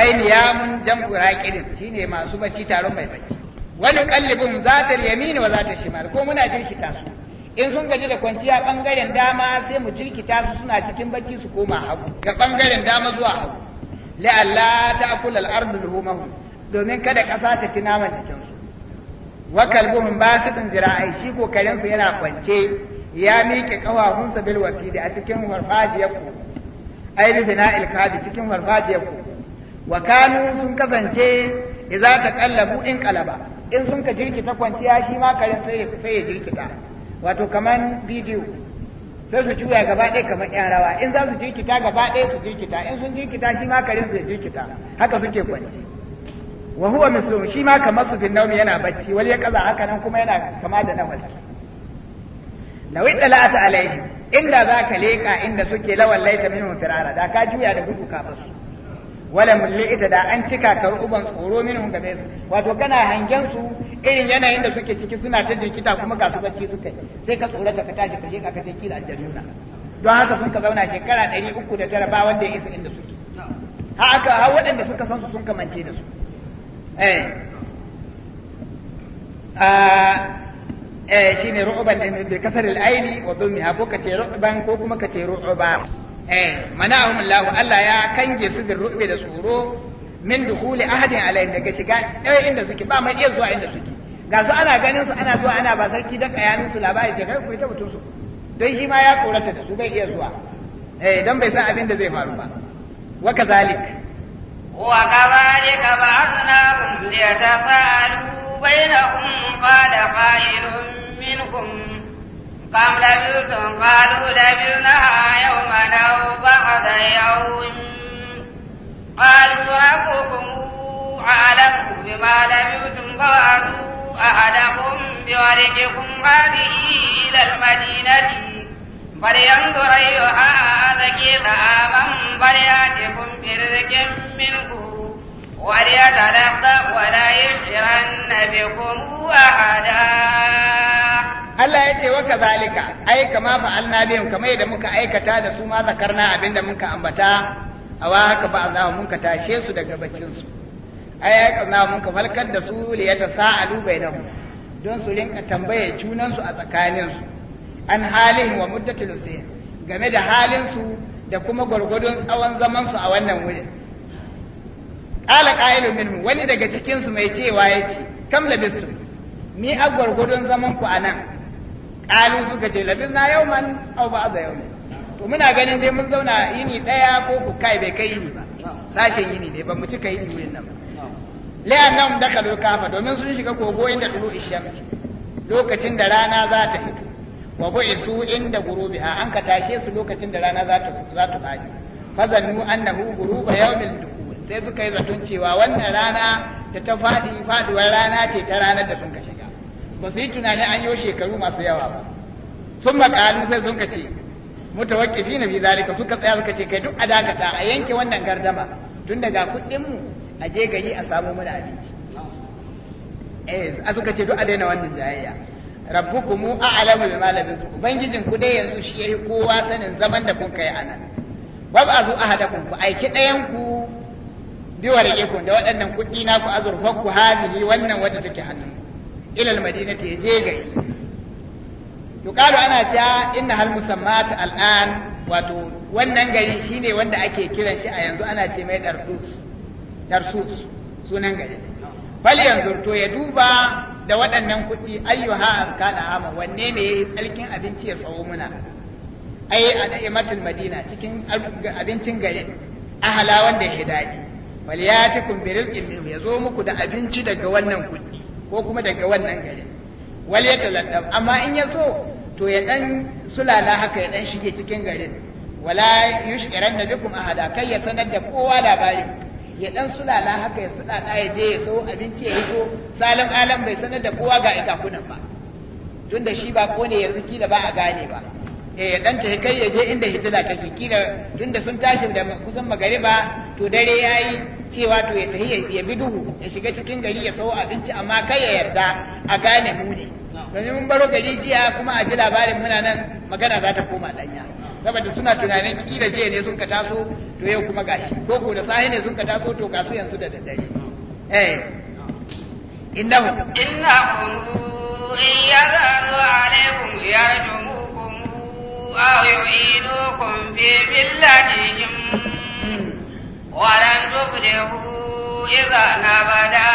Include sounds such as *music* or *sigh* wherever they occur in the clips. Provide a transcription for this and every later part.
ai niyamun jam'u shi shine masu bacci taron mai bacci wani kallibun zata yamini wa ta shimal ko muna jirkita su in sun gaji da kwanciya bangaren dama sai mu jirkita su suna cikin bacci su koma hagu ga bangaren dama zuwa hagu la'alla ta'kul al-ardu luhumahu domin kada ƙasa ta ci naman jikinsu wa kalbuhum basidun zira'ai shi kokarin su yana kwance ya miƙe ƙafafunsa bil wasidi a cikin farfajiyar ku ai bi bina'il kadi cikin farfajiyar ku wa kanu sun kasance idza taqallabu in qalaba in sun ka jirkita kwanciya shi ma karin sai sai ya jirkita wato kaman bidiyo sai su juya gaba ɗaya kamar yan rawa in za su jirkita gaba ɗaya su jirkita in sun jirkita shi ma karin su ya jirkita haka suke kwanci wa huwa mislum shi ma kamar su bin naumi yana bacci wal ya kaza haka nan kuma yana kama da na walki lawi dala'ata alaihi inda za ka leƙa inda suke lawan laita min firara da ka juya da gudu ka basu wala ita da an cika ka ruban tsoro minhum gabe su wato kana hangen su irin yanayin da suke ciki suna ta jirkita kuma ga su bacci suka sai ka tsorata ka tashi ka je ka ce kila aljanna don haka sun ka zauna shekara ɗari uku da ba wanda ya isa inda suke ha aka ha waɗanda suka san su sun kamance da su eh ah, eh shine ru'uban da kasar al-aini wa dummiha ko kace ru'ban ko kuma kace ru'uba eh mana'ahum Allah Allah ya kange su da ru'bi da tsoro min dukhuli ahadin alayhim daga shiga ɗaya inda suke ba mai iya zuwa inda suke ga su ana ganin su ana zuwa ana ba sarki dan kayanin su labari ce kai ku ta mutum su don shi ma ya korata da su bai iya zuwa eh don bai san abin da zai faru ba wa kazalik wa kazalika ba'athnahum liyatasaalu bainahum qala qailun minhum كم لبثتم قالوا لبثنا يوما أو بعد يوم قالوا ربكم أعلم بما لبثتم فأتوا أحدكم بورقكم هذه إلى المدينة فلينظر أيها ذكي طعاما فليأتكم برزق منه وليتلطف ولا يشعرن بكم أحدا Allah ya ce wa kazalika ai kama fa'alna biyan, kama yadda muka aikata da su ma zakarna abinda muka ambata a wa haka ba a zama muka tashe su daga bakinsu, ai ya kaza muka falkar da su li yata sa'alu mu, don su rinka tambaye junansu a tsakaninsu, an halin wa muddatil game da halinsu da kuma gwargwadon tsawon zamansu a wannan wurin qala qa'ilun minhum wani daga cikin su mai cewa yace kam labistu ni agwar gudun zaman ku anan qalu suka ce labisna yawman aw ba'da yawmin to muna ganin dai mun zauna yini daya ko ku kai bai kai yini ba sashen yini ne ba mu cika yini wurin nan la'annahum dakhalu kafa domin sun shiga kogo inda dulu ishamsi lokacin da rana za ta fito wa bu'isu inda gurubiha an ka tashe su lokacin da rana za ta za ta faɗi fazannu annahu guruba yawmil sai suka yi zaton cewa wannan rana da ta faɗi faɗuwar rana ce ta ranar da sun ka shiga ba su yi tunanin an yi shekaru masu yawa ba sun maƙalin sai sun ka ce mutawakkifi na bi zalika suka tsaya suka ce kai duk a dakata a yanke wannan gardama tun daga kuɗin mu a je gari a samu mana abinci eh a suka ce duk a daina wannan jayayya rabbukumu a'lamu bima labistu ubangijin ku dai yanzu shi yayi kowa sanin zaman da kun kai anan babu azu ahadakum ku aiki ɗayan ku biwa da da waɗannan kuɗi na ku azurfa ku hadihi wannan wadda take hannun ilal madina ta je gari kalu ana cewa inna hal musammat al'an wato wannan gari shine wanda ake kiran shi a yanzu ana ce mai darsus darsus sunan gari bal yanzu to ya duba da waɗannan kuɗi ayyuha an kana ama wanne ne yayi tsalkin abinci ya tsawo muna ai a da'imatul madina cikin abincin gari ahala wanda ya daɗi falyatikum bi rizqin minhu yazo muku da abinci daga wannan kudi ko kuma daga wannan garin wal yataladdam amma in yazo to ya dan sulala haka ya dan shige cikin garin wala yushiran nabikum ahada kai ya sanar da kowa labarin ya dan sulala haka ya sulala ya je ya sau abinci ya hito salim alam bai sanar da kowa ga itakunan ba tunda shi ba kone yanzu kila ba a gane ba eh ya dan kai ya je inda hitila take kila tunda sun tashi da kusan magariba to dare yayi cewa to ya tafi ya bi duhu ya shiga cikin gari ya sau abinci amma kai ya yarda a gane mu ne domin mun baro gari jiya kuma a ji labarin muna nan magana za ta koma danya saboda suna tunanin kila jiya ne sun ka taso to yau kuma gashi ko ko da sahi ne sun ka taso to ga yanzu da daddare eh innahu innahu in yadharu alaikum yarjumu الله يعينكم في ملتهم ولن تفلحوا إذا أبدا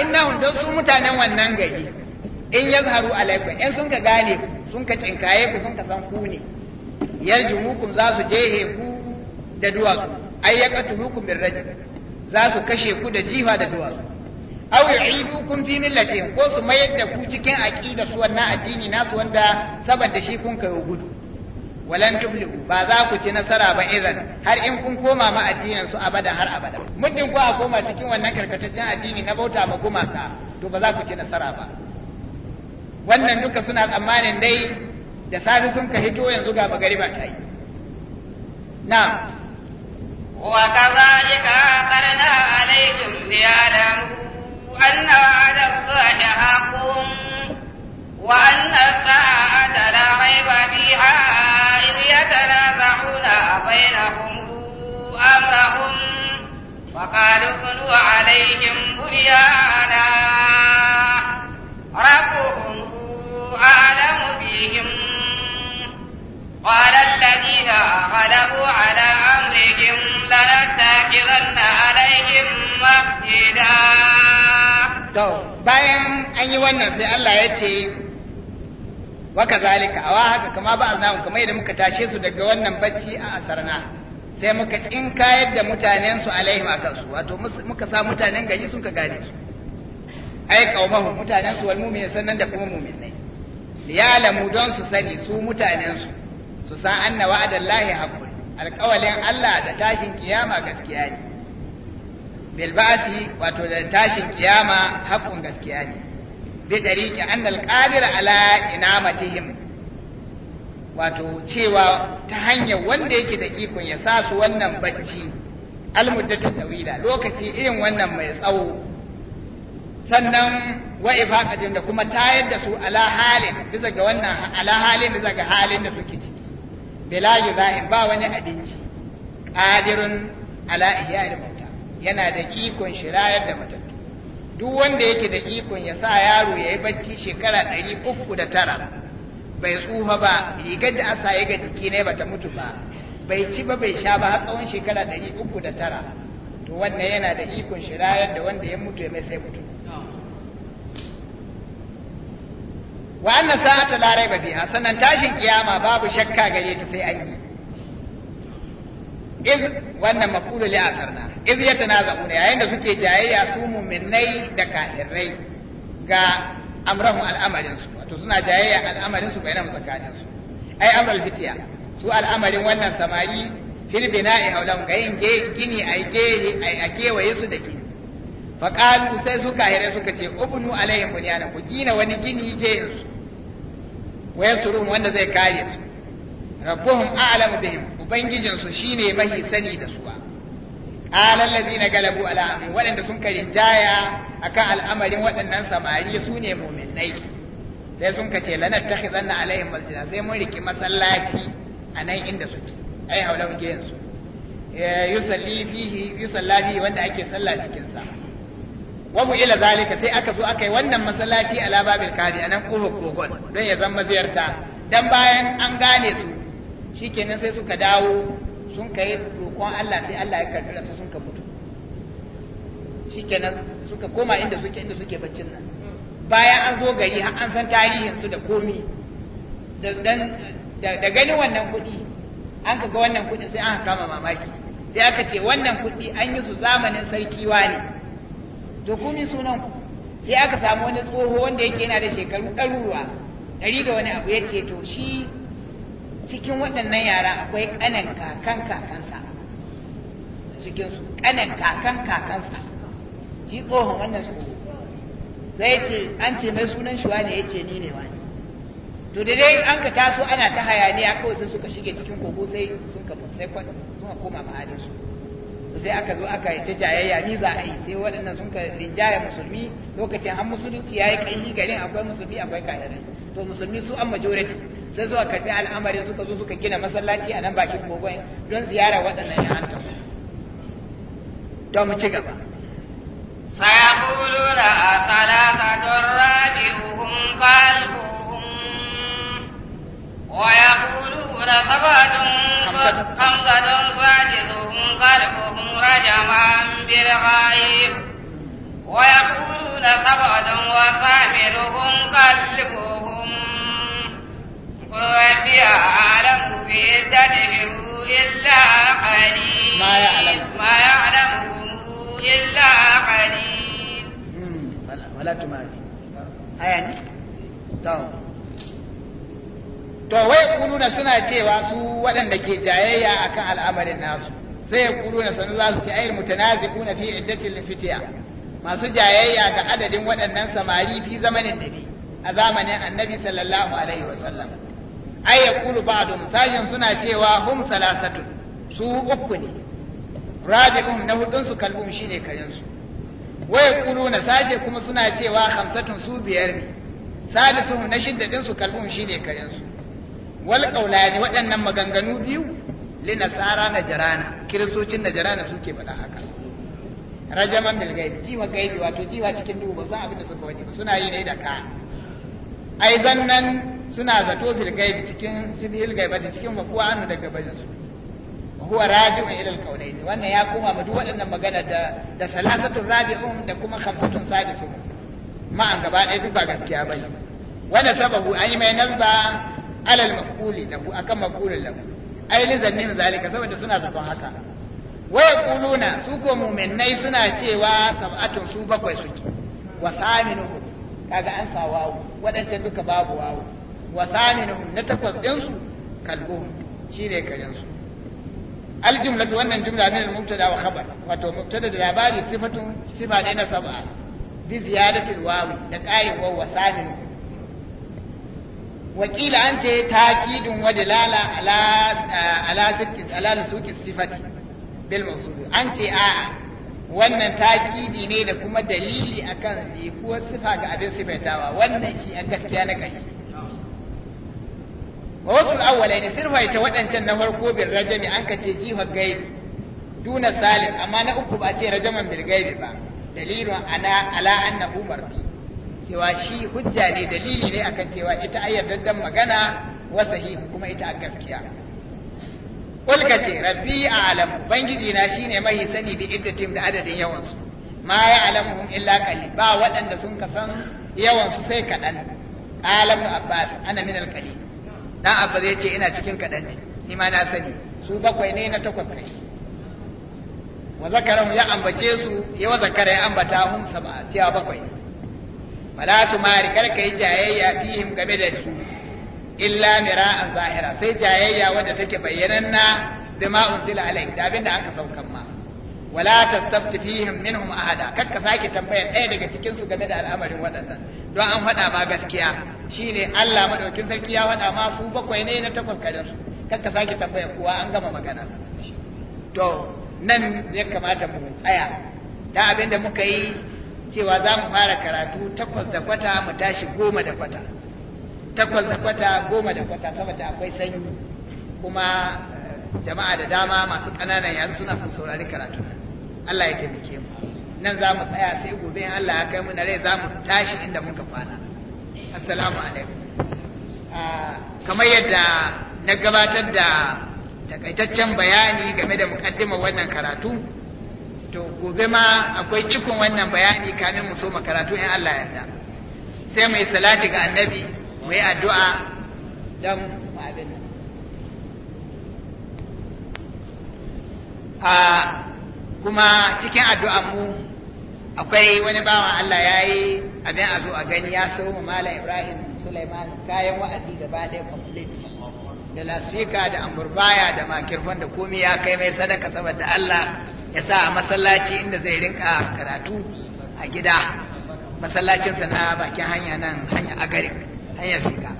إنهم دون سمتانا وننجي in ya zaharu alaikum in sun ka gane sun ka cinkaye ku sun ka san ku ne yarjumukum za su jehe ku da duwatsu ay yaqtulukum bir rajul za su kashe ku da jifa da duwatsu aw yu'idukum fi millatihim ko su mayar da ku cikin aqida su wannan addini nasu wanda saboda shi kun kai gudu walan tuflihu ba za ku ci nasara ba idan har in kun koma ma addinin su abada har abada muddin ku a koma cikin wannan karkataccen addini na bauta ma gumaka to ba za ku ci nasara ba wannan duka suna tsammanin dai da safe sun ka hito yanzu ga magariba ta yi na'am وكذلك أرسلنا عليكم ليعلموا أن وعد الله حق وأن الساعة لا ريب فيها إذ يتنازعون بينهم أمرهم وقالوا ابنوا عليهم بنيانا ربهم أعلم بهم قال الذين غلبوا على أمرهم لنتخذن عليهم مسجدا to bayan an yi wannan sai Allah ya ce wa kazalika awa haka kama ba aznahu kama yadda muka tashe su daga wannan bacci a sai muka tsinkayar da mutanen su alaihim a kansu wato muka sa mutanen gari sun ka gane su ai kaumahu, mutanen su wal sannan da kuma mu'minai lamu don su sani su mutanen su su san anna wa'adallahi haqqun alƙawalin Allah da tashin kiyama gaskiya ne bil ba'ati wato da tashin kiyama haqqun gaskiya ne bi dariqi anna alqadir ala inamatihim wato cewa ta hanyar wanda yake da ikon ya sa su wannan bacci almuddatu tawila lokaci irin wannan mai tsawo sannan wa ifaqatin da kuma tayar da su ala halin bisa ga wannan ala halin bisa ga halin da suke ci bila yuza'in ba wani abinci qadirun ala ihya'il mauta yana da ikon shirayar da matattu duk wanda yake da ikon ya sa yaro yayi bacci shekara ɗari bai tsufa ba rigar da asa ya ga jiki ne bata mutu ba bai ci ba bai sha ba har tsawon shekara ɗari tara to wannan yana da ikon shirayar da wanda ya mutu ya mai sai mutu Wannan anna sa'ata la raiba fiha sannan tashin kiyama babu shakka gare ta sai an yi iz wannan maqulu li akarna iz yatanaza'una yayin da suke jayayya su mu'minai da kafirai ga amran al'amarin su wato suna jayayya al'amarin su bainahum tsakanin su ai amral fitiya su al'amarin wannan samari fil bina'i haulan ga yin gini ai gehe ai a kewaye su da gini fa qalu sai su kahire suka ce ubnu alaihim bunyana ku gina wani gini gehe su wa yansurun wanda zai kare su rabbuhum a'lamu bihim ubangijin su shine mahisani da da suwa qala allazina galabu ala amri waɗanda sun jaya akan al'amarin waɗannan samari sune mu'minai sai sun kace lanar takhizanna alaihim masjida sai mun riki masallaci a nan inda suke ai haulawan giyansu eh, yusalli fihi yusalla fihi wanda ake sallar cikin wa mu ila zalika sai aka zo aka yi wannan masallaci ala babil kadi anan kofar kogon don ya zama ziyarta dan bayan an gane su shikenan sai suka dawo sun kai roƙon Allah sai Allah ya karɓi su sun ka fito shikenan suka koma inda suke inda suke baccin nan bayan an zo gari har an san tarihin su da komi da da ganin wannan kuɗi an ga wannan kuɗi sai an kama mamaki sai aka ce wannan kuɗi an yi su zamanin sarki wani ne to ku mi sunan ku sai aka samu wani tsoho wanda yake yana da shekaru ɗaruruwa ɗari da wani abu ya ce to shi cikin waɗannan yara akwai ƙanan kakan kakansa cikin su ƙanan kakan kakansa shi tsohon wannan tsoho zai ce an ce mai sunan shi wani ya ce ni ne wani to da dai an ka taso ana ta hayaniya kawai sai suka shige cikin kogo sai sun kafa sai kwan sun koma ma'adin su sai aka zo aka ta jayayya ni za a yi sai waɗannan sun ka rinjaya musulmi lokacin an musulunci ya yi ƙanyi garin akwai musulmi akwai kayan to musulmi su an majority sai zuwa karɓi al'amarin suka zo suka gina masallaci a nan bakin kogon don ziyara waɗannan ya hanta don mu ci gaba don أصلاة ويقولون سبعة خمسة سادسهم قلبهم رجما بالغيب ويقولون سبعة وثامنهم قلبهم ربي أعلم بعدتهم إلا قليل ما يعلم ما يعلمهم إلا قليل ولا تماري أيا تو to wai kuluna suna cewa su waɗanda ke jayayya akan al'amarin nasu sai kuluna sanu za su ce ayil mutanaziquna fi iddatil fitiya masu jayayya ga adadin waɗannan samari fi zamanin nabi a zamanin annabi sallallahu alaihi wa sallam ay yaqulu ba'dum sajin suna cewa hum salasatun su uku ne rabi'un na hudun su kalbum shine karen su wai na sashe kuma suna cewa hamsatun su biyar ne sadisun na shiddadin su kalbum shine karen su wal qaulani waɗannan maganganu biyu li nasara najrana kiristocin na najrana suke faɗa haka rajaman bil gaibi jiwa gaibi wato jiwa cikin duhu ba san abin da suka waje ba suna yi ne da ka ai zannan suna zato fil gaibi cikin sibil gaibati cikin makuwa anu daga bajin su huwa raji'un ila al-qawlayn wannan ya koma ba duk waɗannan magana da da salasatun rabi'un da kuma khamsatun sadisun ma an gaba ɗaya duk ba gaskiya bane wanda sababu an yi mai nazba alal maquli lahu akan maqulin lahu ai ni zannin zalika saboda suna zaton haka wa yaquluna su ko mu'minai suna cewa sab'atun su bakwai suke wa thaminuhu kaga an sa wawu wadancan duka babu wawu wa thaminuhum na takwas din su kalbuhum shine karen su aljumlatu wannan jumla min al-mubtada wa khabar wato mubtada da labari sifatun sifa ne na sab'a bi ziyadatil wawi da qarin wawu wa thaminuhum wakila an ce takidun wa dalala ala ala sirki ala nusuki sifati bil an ce a wannan takidi ne da kuma dalili akan kuwa sifa ga abin sifaitawa wannan shi a gaskiya na ƙarshe wa wasu al'awwala ne sirfa ta waɗancan na farko bin rajami an ka gaibi duna salim amma na uku ba ce rajaman bil gaibi ba dalilun ana ala annahu marfi cewa shi hujja ne dalili ne akan cewa ita ayyadaddan magana wa sahihu kuma ita a gaskiya Kulka ce rabbi a alam ubangiji na shine mahi sani bi iddatim da adadin yawansu ma ya alamuhum illa qalil ba waɗanda sun ka san yawansu sai kaɗan alamu abbas ana min alqalil dan abba zai ce ina cikin kaɗan ne ni ma na sani su bakwai ne na takwas kai wa ya ambace su ya ya ambata hum sab'a bakwai fala tumari kar ka yi jayayya fihim game da su illa mira'an zahira sai jayayya wadda take bayyananna bima unzila alaik da abinda aka saukan ma wala tastabti fihim minhum ahada kakka sake tambayar ɗaya daga cikin su game da al'amarin waɗannan don an faɗa ma gaskiya shine Allah madaukin sarki ya faɗa ma su bakwai ne na takwas kadan su kakka sake tambayar kuwa an gama magana to nan ya kamata mu tsaya da abinda muka yi cewa za mu fara karatu takwas da kwata mu tashi goma da kwata takwas da kwata goma da kwata saboda akwai sanyi kuma eh, jama'a da dama masu ƙananan yare suna son saurari karatu Allah ya taimake mu nan za mu tsaya sai gobe in Allah ya kai mu na rai za mu tashi inda muka kwana assalamu alaikum ah, kamar yadda na gabatar da takaitaccen bayani game da mukaddimar wannan karatu gobe ma akwai cikon wannan bayani kamin mu so makaratu in Allah yarda sai mu yi salati ga annabi mu yi addu'a dan abin nan kuma cikin addu'an mu akwai wani bawa Allah ya yi abin a zo a gani ya so mu Malam Ibrahim Sulaiman kayan wa'azi gaba ɗaya complete da lasfika da amurbaya da makirfan da komai ya kai mai sadaka saboda Allah ya sa a masallaci inda zai rinka karatu a gida masallacinsa na bakin hanya nan hanya agari hanya fika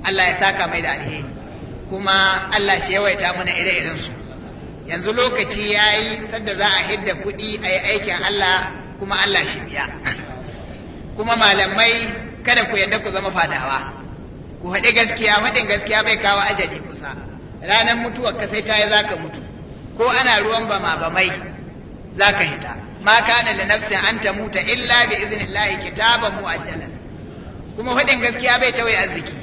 Allah ya saka mai da alheri kuma Allah shi yawaita mana ire irinsu su yanzu lokaci ya yi sadda za a hidda kuɗi a yi aikin Allah kuma Allah shi biya kuma malamai kada ku yadda ku zama fadawa ku faɗi gaskiya faɗin gaskiya bai kawo ajali kusa ranar mutuwar ka sai ta yi za ka mutu ko ana ruwan bama mai. za ka hita ma kana li nafsin an muta illa bi iznillahi kitaban mu'ajjalan kuma faɗin gaskiya bai tawaye arziki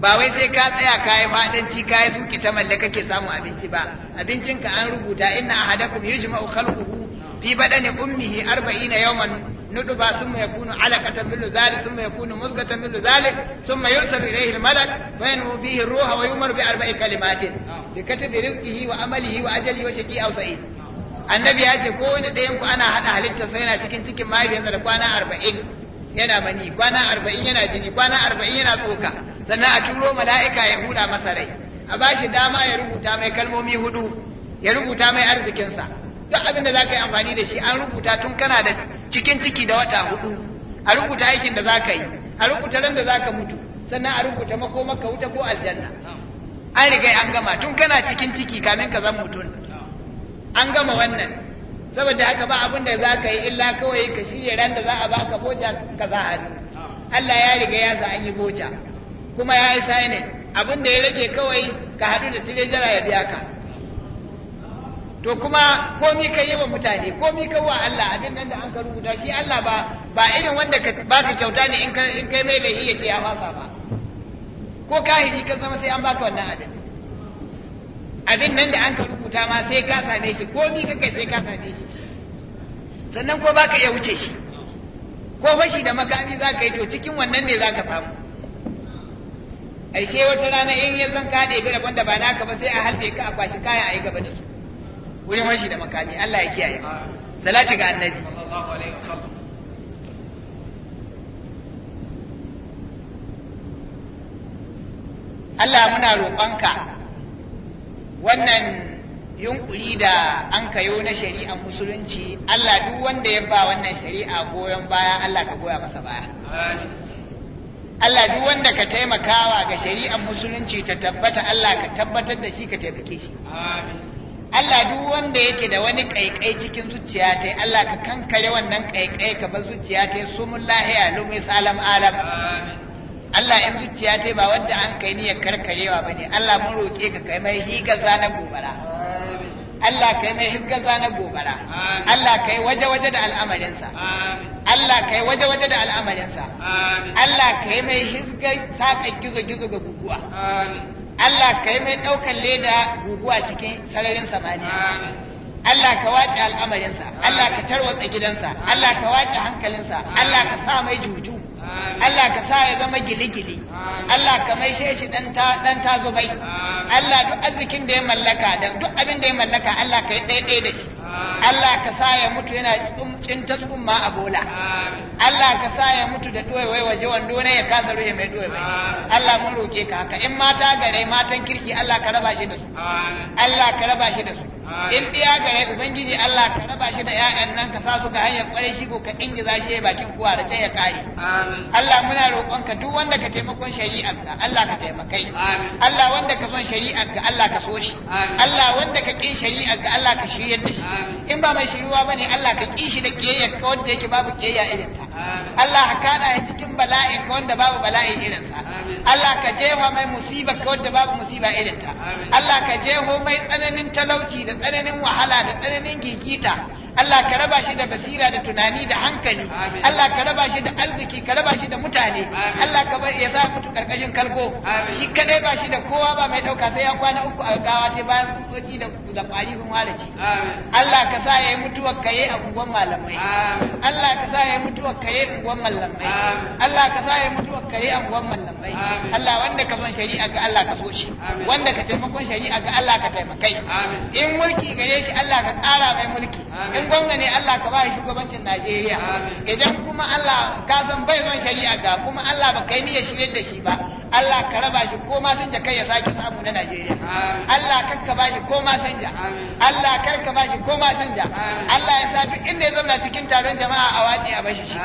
ba wai sai ka tsaya kayan yi fadanci ka zuki ta malle kake samun abinci ba abincinka an rubuta inna ahadakum yujma'u khalquhu fi badani ummihi 40 yawman نطفة ثم يكون علقة مثل ذلك ثم يكون مزقة مثل ذلك ثم يرسل إليه الملك فينمو به الروح ويؤمر بأربع كلمات بكتب رزقه وعمله وأجله وشقي أو سعيد annabi ya ce ko wani ɗayan ku ana haɗa halitta sai yana cikin cikin mahaifiyarsa da kwana arba'in yana mani kwana arba'in yana jini kwana arba'in yana tsoka sannan a turo mala'ika ya huda masa rai a bashi dama ya rubuta mai kalmomi hudu ya rubuta mai arzikinsa duk abin da za ka yi amfani da shi an rubuta tun kana da cikin ciki da wata hudu a rubuta aikin da za ka yi a rubuta ran da za ka mutu sannan a rubuta maka wuta ko aljanna an riga an gama tun kana cikin ciki kamin ka zan mutum an gama wannan saboda haka ba abin da za ka yi illa kawai ka shirya ran da za a ba ka boca ka za a Allah ya riga ya sa an yi boca kuma ya yi sainin abin da ya rage kawai ka haɗu da tirejara ya biya ka to kuma komi ka yi wa mutane komi ka wa Allah abin nan da an ka rubuta shi Allah ba ba irin wanda ka ka kyauta ne in kai mai lahiya ya ce ya fasa ba ko kahiri ka zama sai an baka wannan abin abin nan da an ka rubuta ma sai ka same shi ko ni kai sai ka same shi sannan ko baka iya wuce shi ko fashi da makami za ka yi to cikin wannan ne za ka samu ƙarshe wata rana in ya zan kaɗe bi rabon da ba naka ba sai a halbe ka a kwashi kayan a yi gaba da su wurin fashi da makami Allah ya kiyaye salati ga annabi sallallahu alaihi wasallam Allah muna roƙonka wannan yunkuri da an kayo na shari'a musulunci Allah duk wanda ya ba wannan shari'a goyon baya Allah ka goya masa baya Allah duk wanda ka taimakawa ga shari'ar musulunci ta tabbata Allah ka tabbatar da shi ka taimake shi Allah duk wanda yake da wani kaikai cikin zuciya ta Allah ka kankare wannan kaikai ka bar zuciya ta sumun lahiya lumi salam alam amin Allah in zuciya ta ba wanda an kai niyyar karkarewa ba ne Allah mun roƙe ka kai mai higaza na gobara Allah kai mai hizgaza na gobara Allah kai waje-waje da al'amarinsa Allah kai waje-waje da al'amarinsa Allah kai mai hizga saƙa gizo-gizo ga guguwa Allah kai mai ɗaukan leda guguwa cikin sararin samaniya Allah ka wace al'amarinsa, Allah ka tarwatsa gidansa, Allah ka wace hankalinsa, Allah ka sa mai juju. Allah ka sa ya zama gili-gili Allah ka mai shi ɗan ta zubai Allah duk arzikin da ya mallaka da duk abin da ya mallaka Allah ka yi ɗaiɗai da shi Allah ka sa ya mutu yana cin ta tsumma a bola Allah ka sa ya mutu da ɗoyewai waje wando ne ya kasa ruhe mai ɗoyewai Allah mun roke ka haka in mata gare matan kirki Allah ka raba shi da su Allah ka raba shi da su in ɗiya gare ubangiji Allah ka raba shi da 'ya'yan nan ka sa su ga hanyar kwarai shi ko ka ingiza shi bakin kuwa da can ya kare Allah muna ka duk wanda ka taimakon shari'ar ka Allah ka taimakai Allah wanda ka son shari'ar ka Allah ka so shi Allah wanda ka kin shari'ar ka Allah ka shiryar da shi in ba mai shiruwa bane Allah ka ƙi shi da kiyayya ka wanda yake babu kiyayya irin ta Allah ka kada ya cikin bala'in ka wanda babu bala'in irinsa Allah ka jefa mai musiba ka wanda babu musiba irinta Allah ka jeho mai tsananin talauci da tsananin wahala da tsananin gigita Allah ka raba shi da basira da tunani da hankali Allah ka raba shi da arziki ka raba shi da mutane Allah ka bar ya sa mutu karkashin kalgo shi kadai ba shi da kowa ba mai dauka sai ya kwana uku a gawa sai bayan tsokoki da da kwari sun ci. Allah ka sa ya yi mutuwar ka yayi a gugun malamai Allah ka sa ya yi mutuwar kare unguwan mallamai Allah ka sa ya mutuwa kare unguwan mallamai Allah wanda ka son shari'a ga Allah ka so shi wanda ka taimakon shari'a ga Allah ka taimakai in mulki gare shi Allah ka tsara mai mulki in gwamna ne Allah ka ba shi shugabancin Najeriya idan kuma Allah ka san bai son shari'a ga kuma Allah ba kai niyyar shirye da shi ba Allah ka raba shi ko ma sanja kai ya sake samu na Najeriya Allah kar ka ba shi ko ma sanja Allah kar ka ba shi ko ma sanja Allah ya sa duk inda ya zauna cikin taron jama'a a wace a bashi shi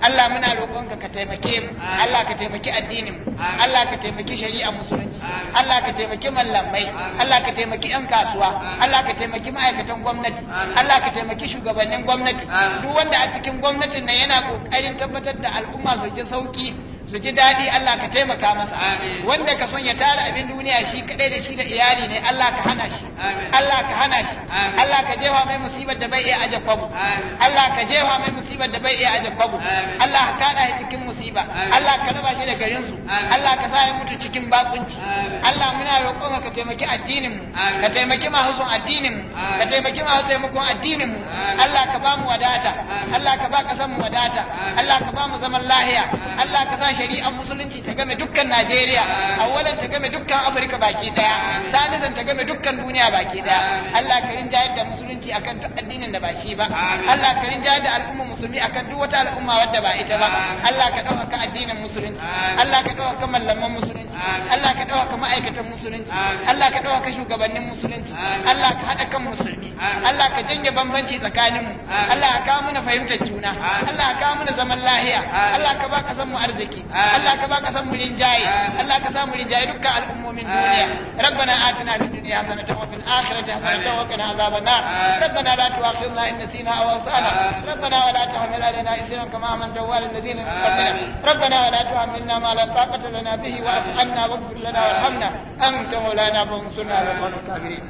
Allah muna roƙonka ka taimake mu Allah ka taimaki addinin mu Allah ka taimaki shari'a musulunci Allah ka taimaki mallamai Allah ka taimaki yan kasuwa Allah ka taimaki ma'aikatan gwamnati Allah ka taimaki shugabannin gwamnati duk wanda a cikin gwamnatin nan yana ƙoƙarin tabbatar da al'umma su ji sauki su ji daɗi Allah ka taimaka masa wanda ka son ya tara abin duniya shi kaɗai da shi da iyali ne Allah ka hana shi Allah ka hana shi Allah ka jefa mai musibar da bai iya aje kwabo Allah ka jefa mai musibar da bai iya aje kwabo Allah ka kada shi cikin musiba Allah ka raba shi da garin su Allah ka sa ya mutu cikin bakunci Allah muna roƙon ka taimaki addinin mu ka taimaki masu addinin mu ka taimaki masu taimakon addinin mu Allah ka ba mu wadata Allah ka ba ƙasar mu wadata Allah ka ba mu zaman lahiya Allah ka sa shari'ar musulunci ta game dukkan Najeriya awwalan ta game dukkan Afirka baki daya salisan ta game dukkan duniya baki daya Allah ka rinjayar da musulunci akan duk addinin da ba shi ba Allah ka rinjayar da al'umma musulmi akan duk wata al'umma wadda ba ita ba Allah ka dauka addinin musulunci Allah ka dauka mallaman musulunci Allah ka ɗauka ma'aikatan musulunci, Allah ka ɗauka shugabannin musulunci, Allah ka haɗa kan musulmi, Allah ka janye bambanci tsakaninmu, Allah ka kawo mana fahimtar juna, Allah ka kawo mana zaman lahiya, Allah ka baka san mu arziki, Allah ka baka san mu rinjaye, Allah ka sa mu rinjaye dukkan al'ummomin duniya. tana a Rabbana atina fid dunya hasanata wa fil akhirati hasanata wa qina azaban Rabbana a tu'akhidhna in nasina aw akhtana. Rabbana wa la tahmil alaina isran kama hamalta 'ala alladhina min qablina. Rabbana wa la tu'ammilna ma la taqata lana bihi wa عنا واغفر لنا وارحمنا أنت مولانا فانصرنا على القوم الكافرين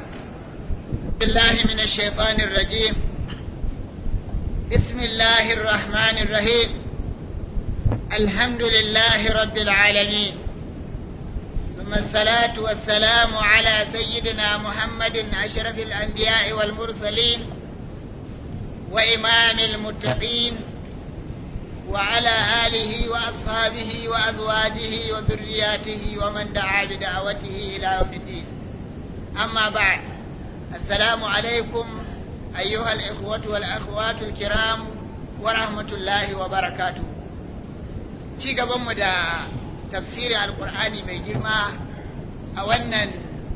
بالله من الشيطان الرجيم بسم الله الرحمن الرحيم الحمد لله رب العالمين ثم الصلاة والسلام على سيدنا محمد أشرف الأنبياء والمرسلين وإمام المتقين وعلى آله وأصحابه وأزواجه وذرياته ومن دعا بدعوته إلى يوم الدين أما بعد السلام عليكم أيها الإخوة والأخوات الكرام ورحمة الله وبركاته شيء قبل tafsirin alkur'ani mai girma a wannan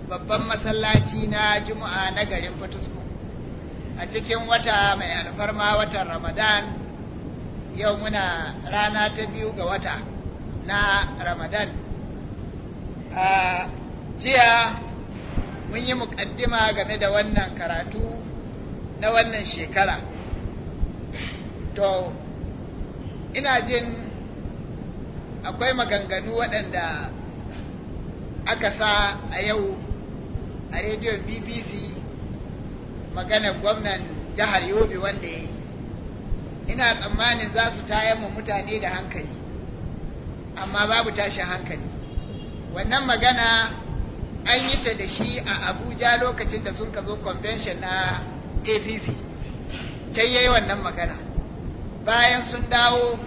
babban masallaci na juma'a na garin fatusku a cikin wata mai alfarma watan ramadan yau muna rana ta biyu ga wata na ramadan a jiya mun yi mukaddima game da wannan karatu na wannan shekara to ina jin akwai maganganu waɗanda aka sa a yau a rediyon bbc maganar gwamnan jihar yobe wanda ya yi ina tsammanin za su tayar mu mutane da hankali amma babu tashin hankali wannan magana an yi ta da shi a abuja lokacin da sun ka zo convention na app ta yi wannan magana bayan sun dawo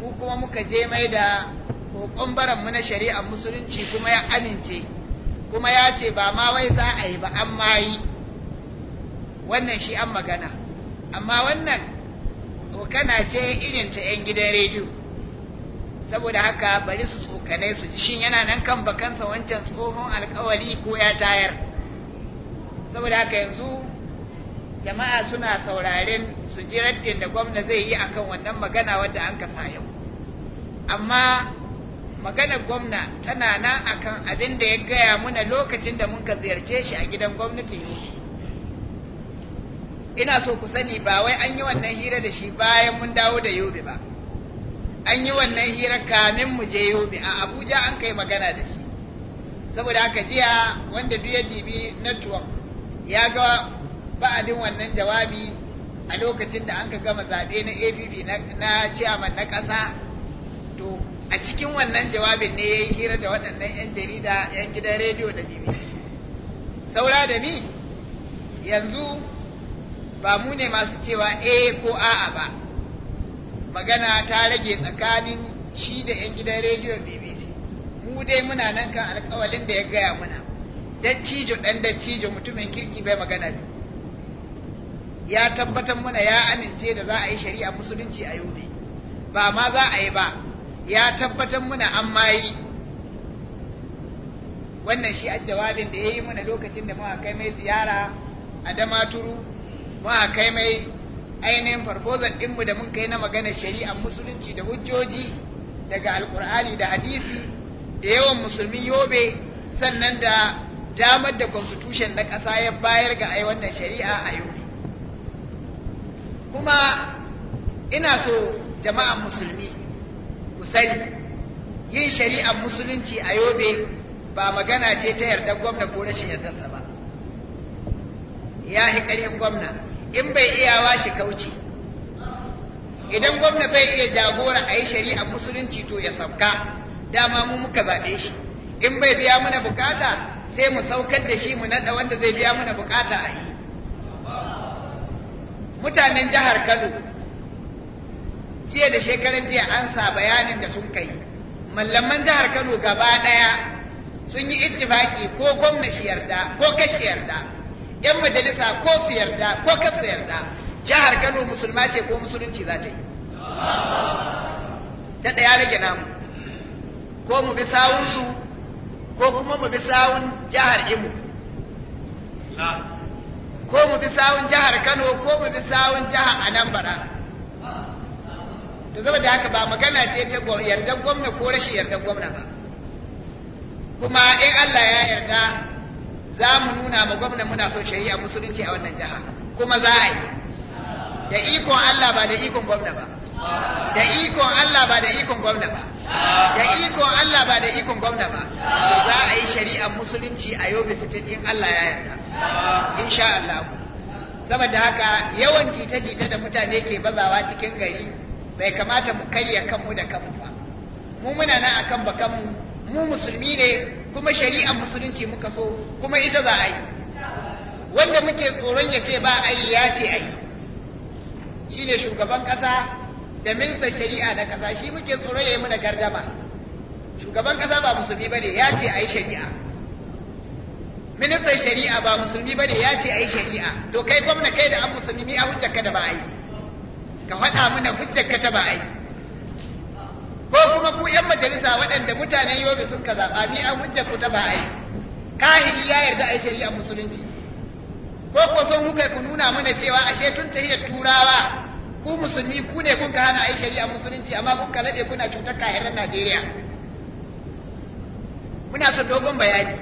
mu kuma muka je mai da kokon mu na shari'a, musulunci kuma ya amince kuma ya ce ba ma wai za a yi ba an ma yi wannan shi an magana amma wannan to kana ce irin ta 'yan gidan rediyo saboda haka bari su tsokane su ji shin yana nan kan bakansa wancan tsohon alkawali ko ya tayar saboda haka yanzu jama'a suna sauraren su ji raddin da gwamna zai yi akan wannan magana wanda an kasa yau amma maganar gwamna tana nan akan abin da ya gaya muna lokacin da mun ka ziyarce shi a gidan gwamnatin yau ina so ku sani ba wai an yi wannan hira da shi bayan mun dawo da yobe ba an yi wannan hira kamin mu je yobe a abuja an kai magana da shi saboda haka jiya wanda duk ya dibi network ya ga ba'adin wannan jawabi a lokacin da an ka gama zaɓe na app na ciyaman na ƙasa to a cikin wannan jawabin ne ya yi hira da waɗannan 'yan jarida 'yan gidan rediyo da bbc saura da ni yanzu ba mu ne masu cewa eh ko a'a ba magana ta rage tsakanin shi da 'yan gidan rediyon bbc mu dai muna nan kan alkawalin da ya gaya muna dattijo ɗan dattijo mutumin kirki bai magana biyu ya tabbatar muna ya amince da za a yi shari'a musulunci a yau ba ma za a yi ba ya tabbatar muna an ma yi wannan shi a jawabin da ya yi muna lokacin da mawa kai mai ziyara a damaturu mu a kai mai ainihin proposal ɗinmu da mun kai na maganar shari'ar musulunci da hujjoji daga alkur'ani da hadisi da yawan musulmi yobe sannan da damar da constitution na ƙasa ya bayar ga ai wannan shari'a a yobe kuma ina so jama'an musulmi ku sani yin shari'ar musulunci a yobe ba magana ce ta yarda gwamna ko rashin yardarsa ba ya hi ƙarfin gwamna in bai iya wa shi kauce idan gwamna bai iya jagora a yi shari'a musulunci to ya sauka dama mu muka zaɓe shi in bai biya mana bukata sai mu saukar da shi mu naɗa wanda zai biya mana bukata a yi mutanen jihar kano jiya da shekaran jiya an sa bayanin da sun kai mallaman jihar kano gaba ɗaya sun yi ittifaki ko gwamna shi yarda ko kashi yarda 'yan majalisa ko su yarda ko kasa yarda jihar kano musulma ce ko musulunci za ta yi daɗa ya rage namu ko mu bi sawunsu ko kuma mu bi sawun jihar imo ko mu bi sawun jihar kano ko mu bi sawun jihar anambra to da haka ba magana ce ta yardar gwamna ko rashin yardar gwamna ba kuma in allah ya yarda za mu nuna ma gwamnan muna son shari'a musulunci a wannan jiha kuma za a yi da ikon Allah ba da ikon gwamna ba da ikon Allah ba da ikon gwamna ba da ikon Allah ba da ikon gwamna ba to za a yi shari'a musulunci a yobe sitin in Allah ya yarda insha Allah saboda haka yawan jita-jita da mutane ke bazawa cikin gari bai kamata mu karya kanmu da kanmu ba mu muna nan akan bakanmu mu musulmi ne kuma shari'ar musulunci muka so kuma ita za a yi wanda muke tsoron ya ce ba a yi ya ce a yi ne shugaban ƙasa da ministan shari'a na ƙasa shi muke tsoron ya yi mana gardama shugaban ƙasa ba musulmi ba ne ya ce a yi shari'a ministan shari'a ba musulmi ba ne ya ce a yi shari'a to kai gwamna kai da an musulmi a hujjar ka da ba a yi ka faɗa mana hujjar ka ta ba a yi ko kuma ku yan majalisa waɗanda mutanen yobe sun zaɓa ni an hujja ku ta ba ai kahiri ya yarda a shari'a musulunci ko ko sun kuka ku nuna mana cewa ashe tun tahiyar turawa ku musulmi ku ne kun ka hana ai shari'a musulunci amma kun ka kuna cutar kahirar Najeriya muna son dogon bayani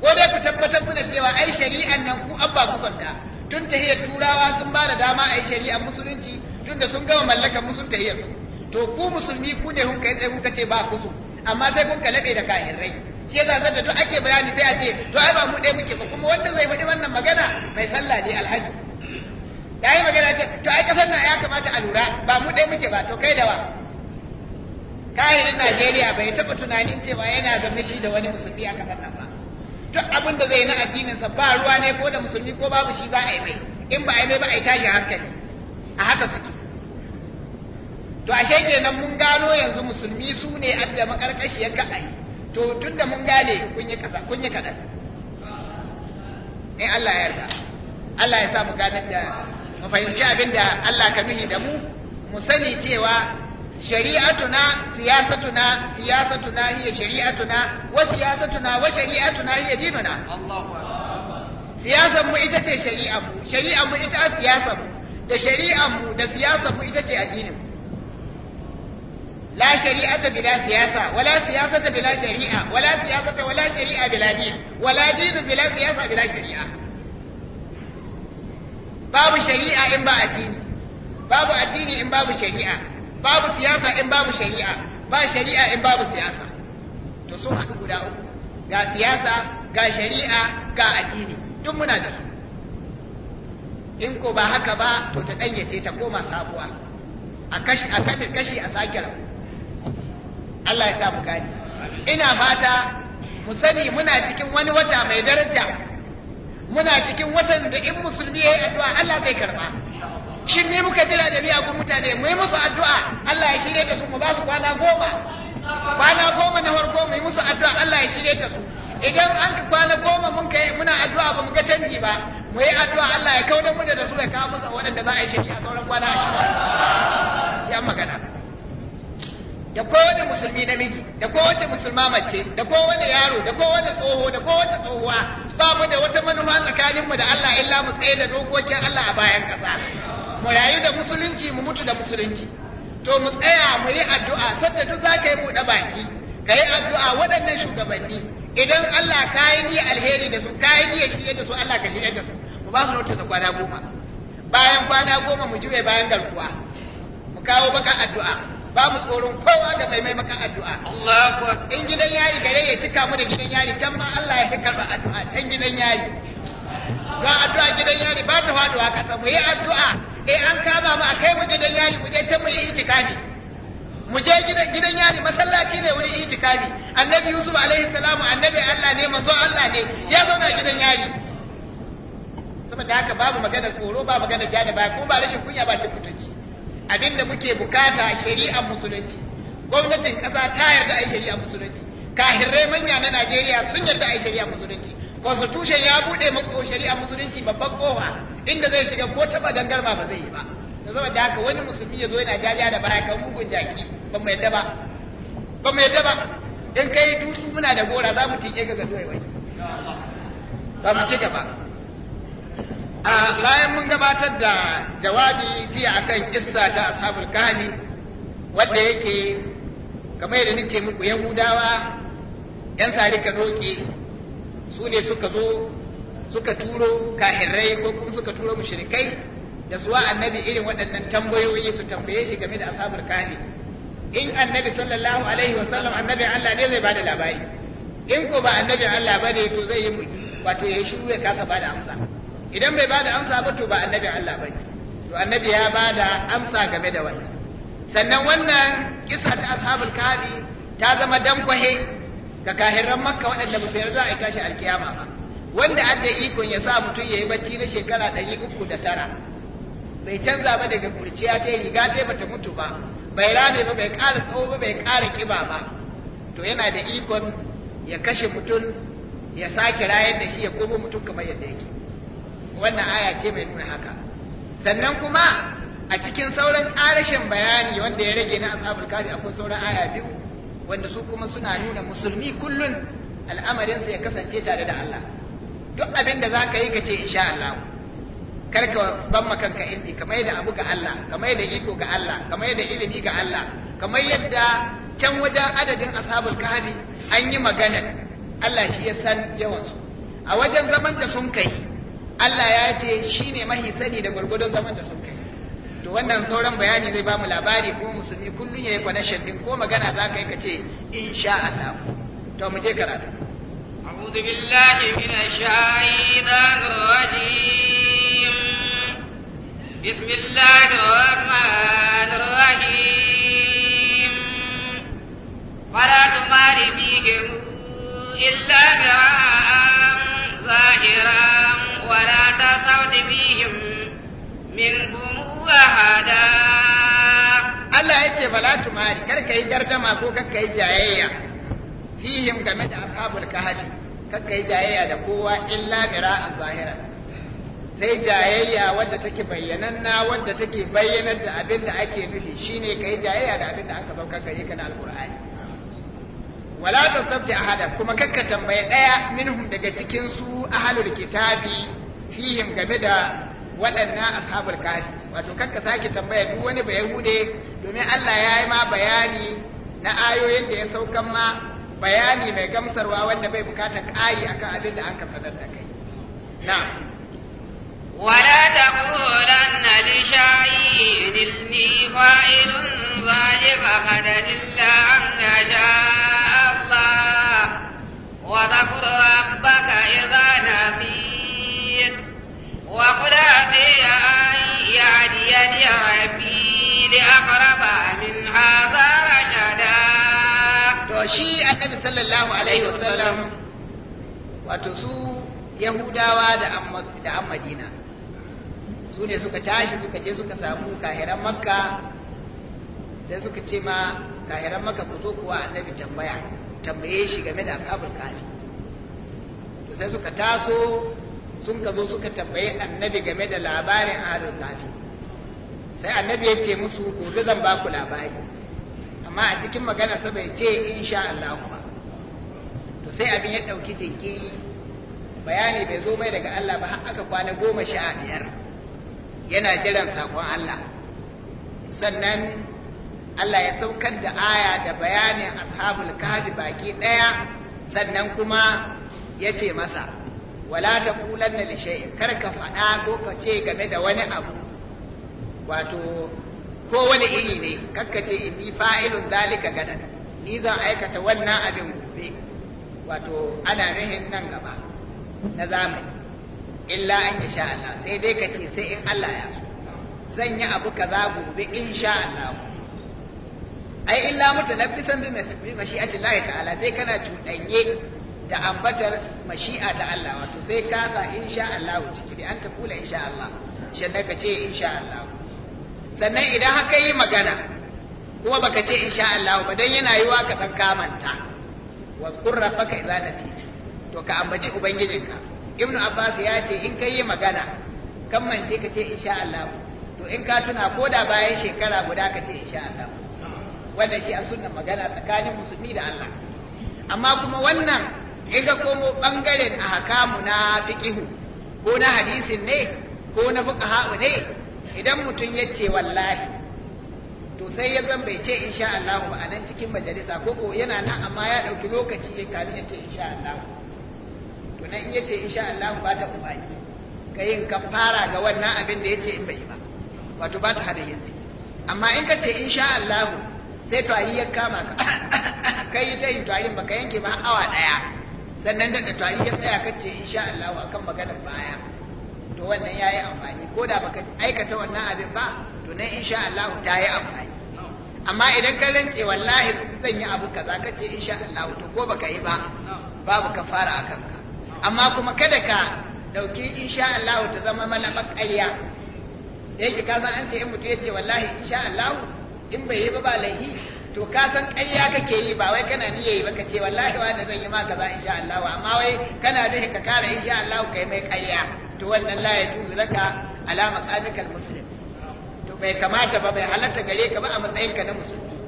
ko dai ku tabbatar muna cewa ai shari'an nan ku abba ku sonta tun tahiyar turawa sun ba da dama ai shari'a musulunci tunda sun gama mallakar musun tahiyar su to ku musulmi ku ne kun kai tsaye kun ce ba su amma sai kun kalabe da kahirrai. shi yasa da duk ake bayani sai a ce to ai ba mu dai muke ba kuma wanda zai faɗi wannan magana mai sallah ne alhaji ya magana ce to ai kasan na ya kamata a lura ba mu dai muke ba to kai da wa kahirin Najeriya bai taɓa tunanin cewa yana zaune shi da wani musulmi a kasan nan ba duk abin da zai na addininsa ba ruwa ne ko da musulmi ko babu shi ba a yi mai in ba a yi mai ba a yi tashi hankali a haka suke to ashe kenan mun gano yanzu musulmi su ne adda makarkashiyar kaɗai to tunda mun gane kun yi kasa kun yi kaɗan Eh Allah ya yarda Allah ya sa mu gane da mu fahimci abin da Allah ka nuhi da mu mu sani cewa shari'atuna siyasatuna siyasatuna hiya shari'atuna wa siyasatuna wa shari'atuna hiya dinuna Allahu siyasar mu ita ce shari'ar mu shari'ar mu ita siyasar mu da shari'ar mu da siyasar mu ita ce addinin mu لا شريعة بلا سياسة ولا سياسة بلا شريعة ولا سياسة ولا شريعة بلا دين ولا دين بلا سياسة بلا شريعة باب شريعة إن باب الدين باب الدين إن باب شريعة باب سياسة إن باب شريعة باب شريعة إن باب سياسة تصوم أكو دا أكو ga siyasa ga shari'a ga addini duk muna da su in ko ba haka ba to ta ɗanyace ta koma sabuwa a kashi a kashi a sake rabu Allah ya sa mu gani ina fata mu sani muna cikin wani wata mai daraja muna cikin watan da in musulmi ya yi addu'a Allah zai karba shin ne muka jira da miyagun mutane mu yi musu addu'a Allah ya shirye da su mu ba su kwana goma kwana goma na farko mu yi musu addu'a Allah ya shirye da su idan an ka kwana goma mun kai muna addu'a ba mu ga canji ba mu yi addu'a Allah ya kauda mu da su da kawo musu waɗanda za a yi shirye a sauran kwana ashirin ya magana da kowane musulmi na miji, da kowace musulma mace da kowane yaro da kowane tsoho da kowace tsohuwa ba mu da wata manufa tsakanin mu da Allah illa mu tsaye da dokokin Allah a bayan kasa mu rayu da musulunci mu mutu da musulunci to mu tsaya mu yi addu'a sanda duk zaka yi buɗe baki ka yi addu'a waɗannan shugabanni idan Allah ka yi ni alheri da su ka yi ni shirye da su Allah ka shirye da su mu ba su nota kwana goma bayan kwana goma mu juye bayan garkuwa mu kawo baka addu'a ba mu tsoron kowa da mai mai maka addu'a Allahu in gidan yari gare ya cika mu da gidan yari can ma Allah ya karɓa addu'a can gidan yari don addu'a gidan yari ba ta faɗuwa ƙasa, mu yi addu'a eh an kama mu a kai mu gidan yari mu je can mu yi itikafi mu je gidan gidan yari masallaci ne wuri itikafi annabi yusuf alaihi salamu annabi Allah ne manzo Allah ne ya zauna gidan yari saboda haka babu magana tsoro ba magana jada ba kuma ba rashin kunya ba ce mutunci Abin da muke bukata shari'a musulunci gwamnatin ƙasa ta yarda a shari'ar musulunci kahirrai manya na Najeriya sun yarda a shari'ar musulunci constitution ya bude mako shari'ar musulunci babban kofa inda zai shiga ko taba dangarma ba zai yi ba da zama da haka wani musulmi ya zo yana jaja da baya kan mugun jaki ba mu yadda ba ba mu yadda ba in kai tutu muna da gora za mu tike ga gado ya ba mu ci gaba a bayan mun gabatar da jawabi jiya akan kissa ta ashabul kahfi wadda yake kamar yadda nake muku yahudawa yan sari ka roƙe su ne suka zo suka turo kahirai ko kuma suka turo mushrikai da suwa annabi irin waɗannan tambayoyi su tambaye shi game da ashabul kahfi in annabi sallallahu alaihi wa sallam, annabi Allah ne zai bada labari in ko ba annabi Allah bane to zai yi wato ya shiru ya kasa bada amsa idan bai bada amsa ba to ba annabi Allah ba to annabi ya bada amsa game da wannan sannan wannan kisa ta ashabul kahfi ta zama dankwahe ga kahirran makka waɗanda ba su yarda a tashi alkiyama ba wanda adda ikon ya sa mutum ya yi bacci na shekara ɗari uku da tara bai canza ba daga kurciya ta riga ta bata mutu ba bai rame ba bai ƙara tsawo ba bai ƙara ƙiba ba to yana da ikon ya kashe mutum ya sake rayar da shi ya komo mutum kamar yadda yake wannan aya ce mai nuna haka sannan kuma a cikin sauran ƙarashin bayani wanda ya rage na ashabul kafi akwai sauran aya biyu wanda su kuma suna nuna musulmi kullun al'amarinsa ya kasance tare da Allah duk abin da za ka yi ka ce insha Allah kar ka ban ma kanka indi kamar yadda abu ga Allah kamar yadda iko ga Allah kamar yadda ilimi ga Allah kamar yadda can wajen adadin ashabul kafi an yi magana Allah shi ya san yawansu a wajen zaman da sun kai Allah ya ce shi ne mahi sani da gwargwadon zaman da sun kai to wannan sauran bayani zai ba mu labari ko musulmi kullum ya yi kwanashin din ko magana za ka yi ka ce sha Allah to mu je karatu أعوذ بالله من الشيطان الرجيم بسم الله الرحمن الرحيم فلا تمار فيهم إلا كما ظاهرا ولا تسعد فيهم منهم أحدا Allah ya ce fala tumari kar yi gardama ko kakayi ka jayayya fihim game da ashabul kahfi kar ka yi jayayya da kowa illa bira'an zahira sai jayayya wadda take bayyananna wadda take bayyanar da abin da ake nufi shine kayi jayayya da abin da aka sauka gare ka na alqur'ani wala tasabti ahada kuma kakka tambayi daya minhum daga cikin su ahlul kitabi fihim game da waɗannan ashabul kafi wato kakka sake tambaya duk wani bai hude domin Allah ya yi ma bayani na ayoyin da ya saukan ma bayani mai gamsarwa wanda bai bukatar ƙari akan abin da an ka sanar da kai na'am ولا تقولن لشيء إني فاعل ذلك غدا إلا أن شاء الله وذكر ربك إذا نسيت وقل عسي أن يهديني ربي لأقرب من هذا رشدا shi annabi sallallahu alaihi wasallam wato su yahudawa da an madina su ne suka tashi suka je suka samu kahiran makka sai suka ce ma kahiran makka ku zo kuwa annabi tambaya tambaye shi game da ashabul kafi to sai suka taso sun ka zo suka tambaye annabi game da labarin ahlul kafi sai annabi ya ce musu gobe zan ba ku labari amma a cikin magana sa bai ce insha Allah ba to sai abin ya ɗauki jinkiri bayani bai zo mai daga Allah ba har aka kwana goma sha biyar yana jiran sakon Allah sannan Allah ya saukar da aya da bayanin ashabul kahfi baki ɗaya sannan kuma ya ce masa wala ta kulan na lishe kar ka faɗa ko ka ce game da wani abu wato ko wani iri ne ka ce inni fa'ilun zalika gadan ni zan aikata wannan abin gobe wato ana nuhin nan gaba na zamani illa an sha Allah sai dai ka ce sai in Allah ya so zan yi abu kaza gobe in sha Allah ai illa mutanabbisan bi mashi'ati Allah ta'ala sai kana cuɗanye da ambatar mashi'a ta Allah wato sai ka sa in sha Allah ciki bi an ta kula in sha Allah sannan ka ce in sha Allah sannan idan haka yi magana kuma baka ce in sha Allah ba dan yana yiwa ka dan kamanta wazkur rabbaka idza nasita to ka ambaci ubangijinka ibnu abbas ya ce in kai yi magana kan mance ka ce insha Allah to in ka tuna ko da bayan shekara guda ka ce insha Allah wannan shi a sunnan magana tsakanin musulmi da Allah amma kuma wannan in ka komo bangaren hakamu na fiqihu ko na hadisin ne ko na fuqaha ne idan mutum ya ce wallahi to sai ya zan bai ce insha Allah ba a nan cikin majalisa ko ko yana nan amma ya ɗauki lokaci ya kami ya ce insha Allah sannan in yace insha Allah ba ta umani ka yin kafara ga wannan abin da ce in bai ba wato ba ta hada yanzu amma in ka ce insha Allah sai tari ya kama ka *coughs* kai ta yin tarin baka yanke ba awa daya sannan da tari ya tsaya ka ce insha Allah akan maganar baya to wannan yayi amfani ko da baka aikata wannan abin ba to nan insha Allah ta yi amfani amma idan ka rantse wallahi zan yi abu kaza ka ce insha Allah to ko baka yi ba babu kafara akan ka amma kuma kada ka ɗauki insha Allah ta zama mana ƙarya da yake ka san an ce in mutum ya ce wallahi insha Allah in bai yi ba ba lahi to ka san ƙarya kake yi ba wai kana niyya yi ba ka ce wallahi wa da zan yi ma kaza insha Allah amma wai kana da ka kara insha Allah kai mai ƙarya to wannan la ya tuzu laka ala maqamikal muslim to bai kamata ba bai halatta gare ka ba a ka na musulmi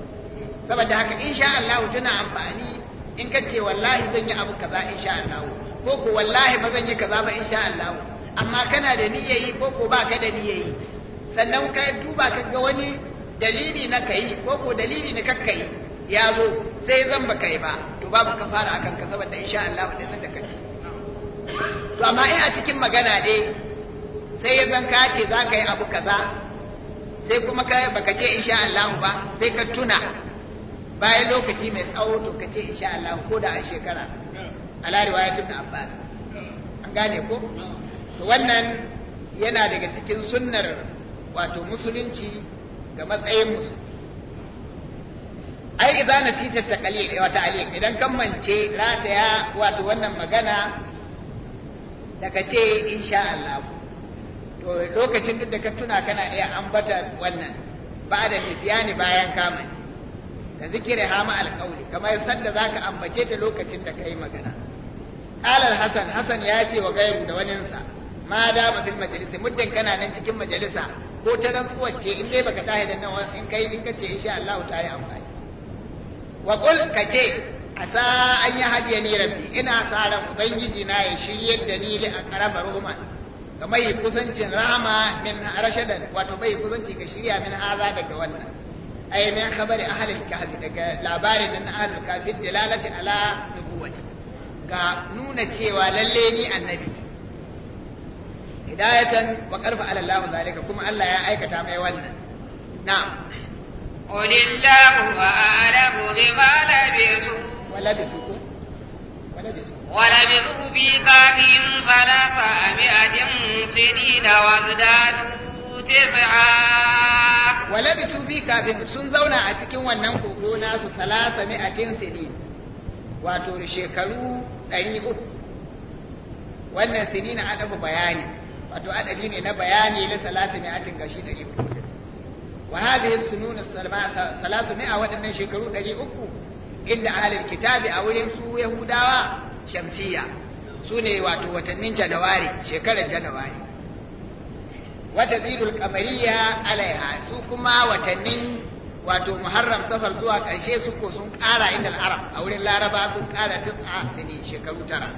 saboda haka insha Allah tana amfani in ka ce wallahi zan yi abu kaza sha Allah ko ko wallahi ba zan yi kaza ba sha Allah amma kana da niyyar yi ko ko baka da niyyar yi sannan ka duba ka ga wani dalili na kai ko ko dalili na kakka yi ya zo sai zan ba kai ba to babu ka fara akan ka saboda sha Allah da nan da kace to amma in a cikin magana dai sai ya zan ka ce za ka yi abu kaza sai kuma ka baka ce sha Allah ba sai ka tuna bayan lokaci mai tsawo to ka ce insha Allah ko da an shekara a wa riwaya da Abbas an gane ko to wannan yana daga cikin sunnar wato musulunci ga matsayin musulmi ai idza nasita taqlid wa ta'liq idan kan mance rataya wato wannan magana da ka ce insha Allah to lokacin duk da ka tuna kana iya ambata wannan ba da misyani bayan kamance ka zikiri hama alƙauli kamar sanda za ka ambace ta lokacin da ka yi magana ƙalar Hassan, Hassan ya ce wa gairu da waninsa ma da mafil majalisi muddin kana nan cikin majalisa ko ta rantsuwar ce in dai baka tahi da nan in kai in ka ce insha Allah ta yi amfani wa qul ka ce asa an yi hadiya ni rabbi ina sa ran ubangiji na ya shiryar da ni li aqrab ruhman kamar kusancin rahama min arshadan wato bai kusanci ka shirya min haza daga wannan ay min khabari ahli al-kahf daga labarin nan ahli al-kahf dilalati ala nubuwati ga nuna cewa lalle ni annabi hidayatan wa qarfa ala Allah zalika kuma Allah ya aikata mai wannan na'am qul illahu a'lamu bima labisu wa bi kafin salasa Walabi ولبثوا في kafin sun zauna a cikin wannan kogo nasu salasa mi'atin sinin wato shekaru 300 uku wannan na adafa bayani wato adafi ne na bayani na salasa atin gashi ɗari uku wa su nuna salasa a waɗannan shekaru 300 uku inda ahlul kitabi a wurin su yahudawa shamsiya su ne wato watannin janawari shekarar janawari wata zirul kamariya alaiha su kuma watannin wato muharram safar zuwa ƙarshe su ko sun ƙara inda al'arab a wurin laraba sun ƙara a sini shekaru tara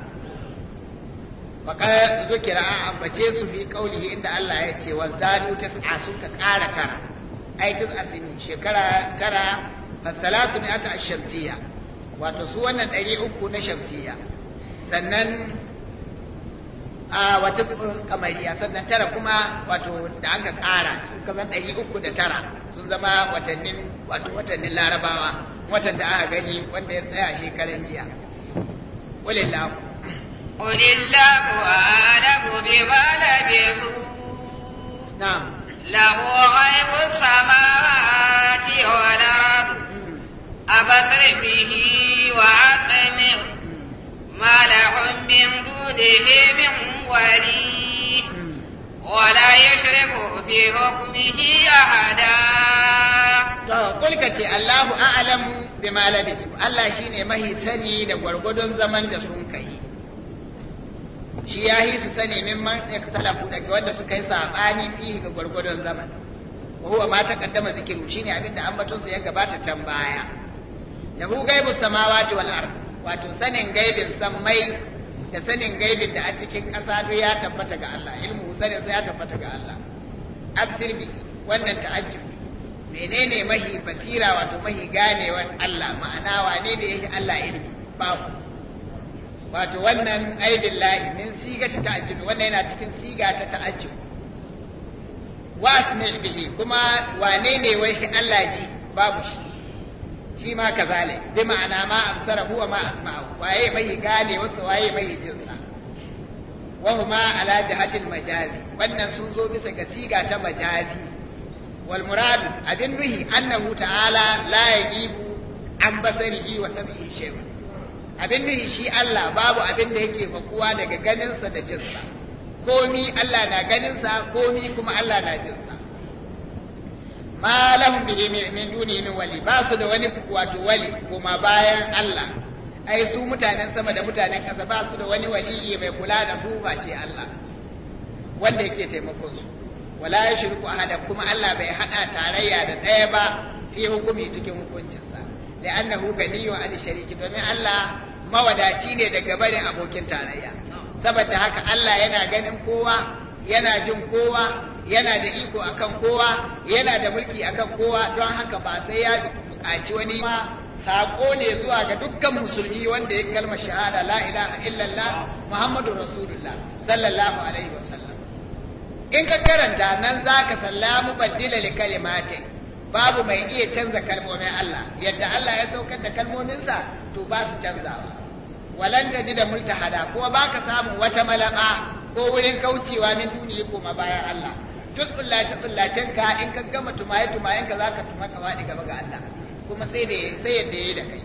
faƙa zukira a ambace su fi ƙaulihi inda Allah ya ce wa zadu tis'a sun ka ƙara tara ai tis'a sini shekara tara fasala su ne ata shamsiya wato su wannan ɗari uku na shamsiya sannan a wata tsibin kamariya sannan tara kuma wato da aka ƙara sun kama ɗari uku da tara sun zama watannin wato watannin larabawa watan da aka gani wanda ya tsaya shekaran jiya ƙulillahu ƙulillahu a'lamu bima labisu na'am lahu ghaibu samawati wal ard mm-hmm. abasir bihi wa asmi' ما لهم من دونه من ولي ولا يشرك في حكمه أحدا قل كتي الله أعلم بما لبسوا الله شيني مهي سني دا gwargwadon zaman da sun kai shi ya yi sani min man ikhtalafu daga wanda suka yi sabani fihi ga gwargwadon zaman wa ma taqaddama zikiru shine abin da ambaton sa ya gabata can baya lahu ghaibus samawati wal ardh wato sanin gaibin sammai da sanin gaibin da a cikin ƙasa duk ya tabbata ga Allah ilmu sanin sai ya tabbata ga Allah absir bi wannan ta'ajjub menene mahi basira wato mahi ganewar Allah ma'ana wane ne yake Allah ilmi babu wato wannan ai billahi min siga ta ta'ajjub wannan yana cikin siga ta ta'ajjub wa asmi bihi kuma wane ne wai Allah ji babu shi shi ma zale bi ma'ana ma absarahu huwa ma asma'u waye mai gane wasu waye mai jinsa wa huma ala jihatil majazi wannan sun zo bisa ga siga ta majazi wal murad abin bihi annahu ta'ala la yajibu an basarihi wa sam'ihi shay'a abin bihi shi Allah babu abin da yake fakuwa daga ganinsa da jinsa komi Allah na ganinsa komi kuma Allah na jinsa ma lahum bihi min duni min wali ba su da wani wato wali kuma bayan Allah ai su mutanen sama da mutanen ƙasa ba su da wani waliyi mai kula da su ba ce Allah wanda yake taimakon su wala yashriku ahadan kuma Allah bai hada tarayya da ɗaya ba fi hukumi cikin hukuncinsa li'annahu ganiyyu an shariki domin Allah mawadaci ne daga barin abokin tarayya saboda haka Allah yana ganin kowa yana jin kowa yana da iko akan kowa yana da mulki akan kowa don haka ba sai ya buƙaci wani ba saƙo ne zuwa ga dukkan musulmi wanda ya kalma shahada la ilaha illallah muhammadu rasulullah sallallahu alaihi wasallam in ka karanta nan zaka ka sallamu baddila li kalimatin babu mai iya canza kalmomin Allah yadda Allah ya saukar da kalmominsa to ba su canzawa walan da da multahada ko ba ka samu wata malaba ko wurin kaucewa min duniya koma bayan Allah duk tsullace tsullacen ka in ka gama tumaye tumayen ka zaka tuma ka faɗi gaba ga Allah kuma sai da sai yadda yayi da kai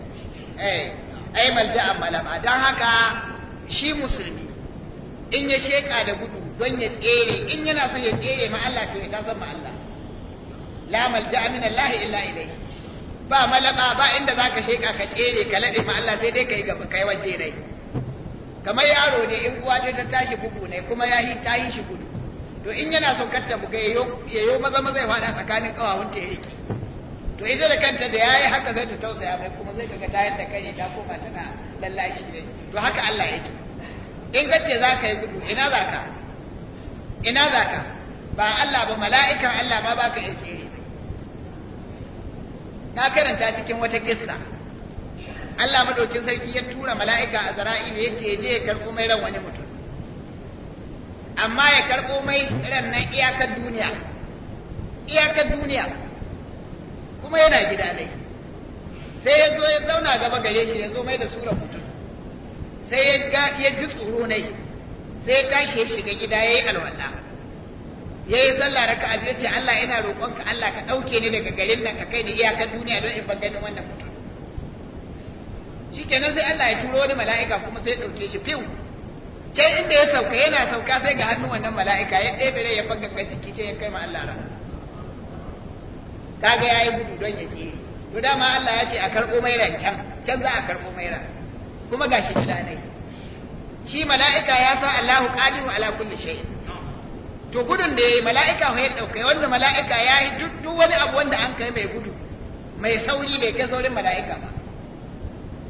eh ai malja'a malama dan haka shi musulmi in ya sheka da gudu don ya tsere in yana son ya tsere ma Allah to ya tasar ma Allah la malja min Allah illa ilayhi ba malaba ba inda zaka sheka ka tsere ka lade ma Allah sai dai kai gaba kai waje rai kamar yaro ne in uwa ce ta tashi bugu ne kuma ya hi ta shi gudu to in yana son kanta buga ya yo maza maza ya faɗa tsakanin ƙawawun ta ya to ita da kanta da yayi haka zai ta tausaya mai kuma zai kaga tayar da kare ta koma tana lallashi ne to haka Allah yake in kace za ka yi gudu ina za ka ina za ka ba Allah ba mala'ikan Allah ma baka iya kere na karanta cikin wata kissa Allah madaukin sarki ya tura mala'ika a zara'ilu ya ce je ya karɓo mai ran wani mutum amma ya karɓo mai nan iyakar duniya iyakar duniya kuma yana gida dai sai ya zo ya zauna gaba gare shi ya zo mai da sura mutum sai ya ji tsoro nai sai ya tashi ya shiga gida ya yi alwala ya yi sallah raka a ce Allah ina roƙonka Allah ka ɗauke ni daga garin nan ka kai ni iyakar duniya don in ban ganin wannan mutum shikenan sai Allah ya turo wani mala'ika kuma sai ya dauke shi fiu can inda ya sauka yana sauka sai ga hannun wannan mala'ika ya ɗebe rai ya fagagga ciki ce ya kai ma Allah ran kaga yayi gudu don ya je to dama Allah ya ce a karɓo mai ran can can za a karɓo mai ran kuma gashi gida ne shi mala'ika ya sa Allahu qadiru ala kulli shay to gudun da yayi mala'ika ya dauke wanda mala'ika yayi duk wani abu wanda an kai mai gudu mai sauri bai kai saurin mala'ika ba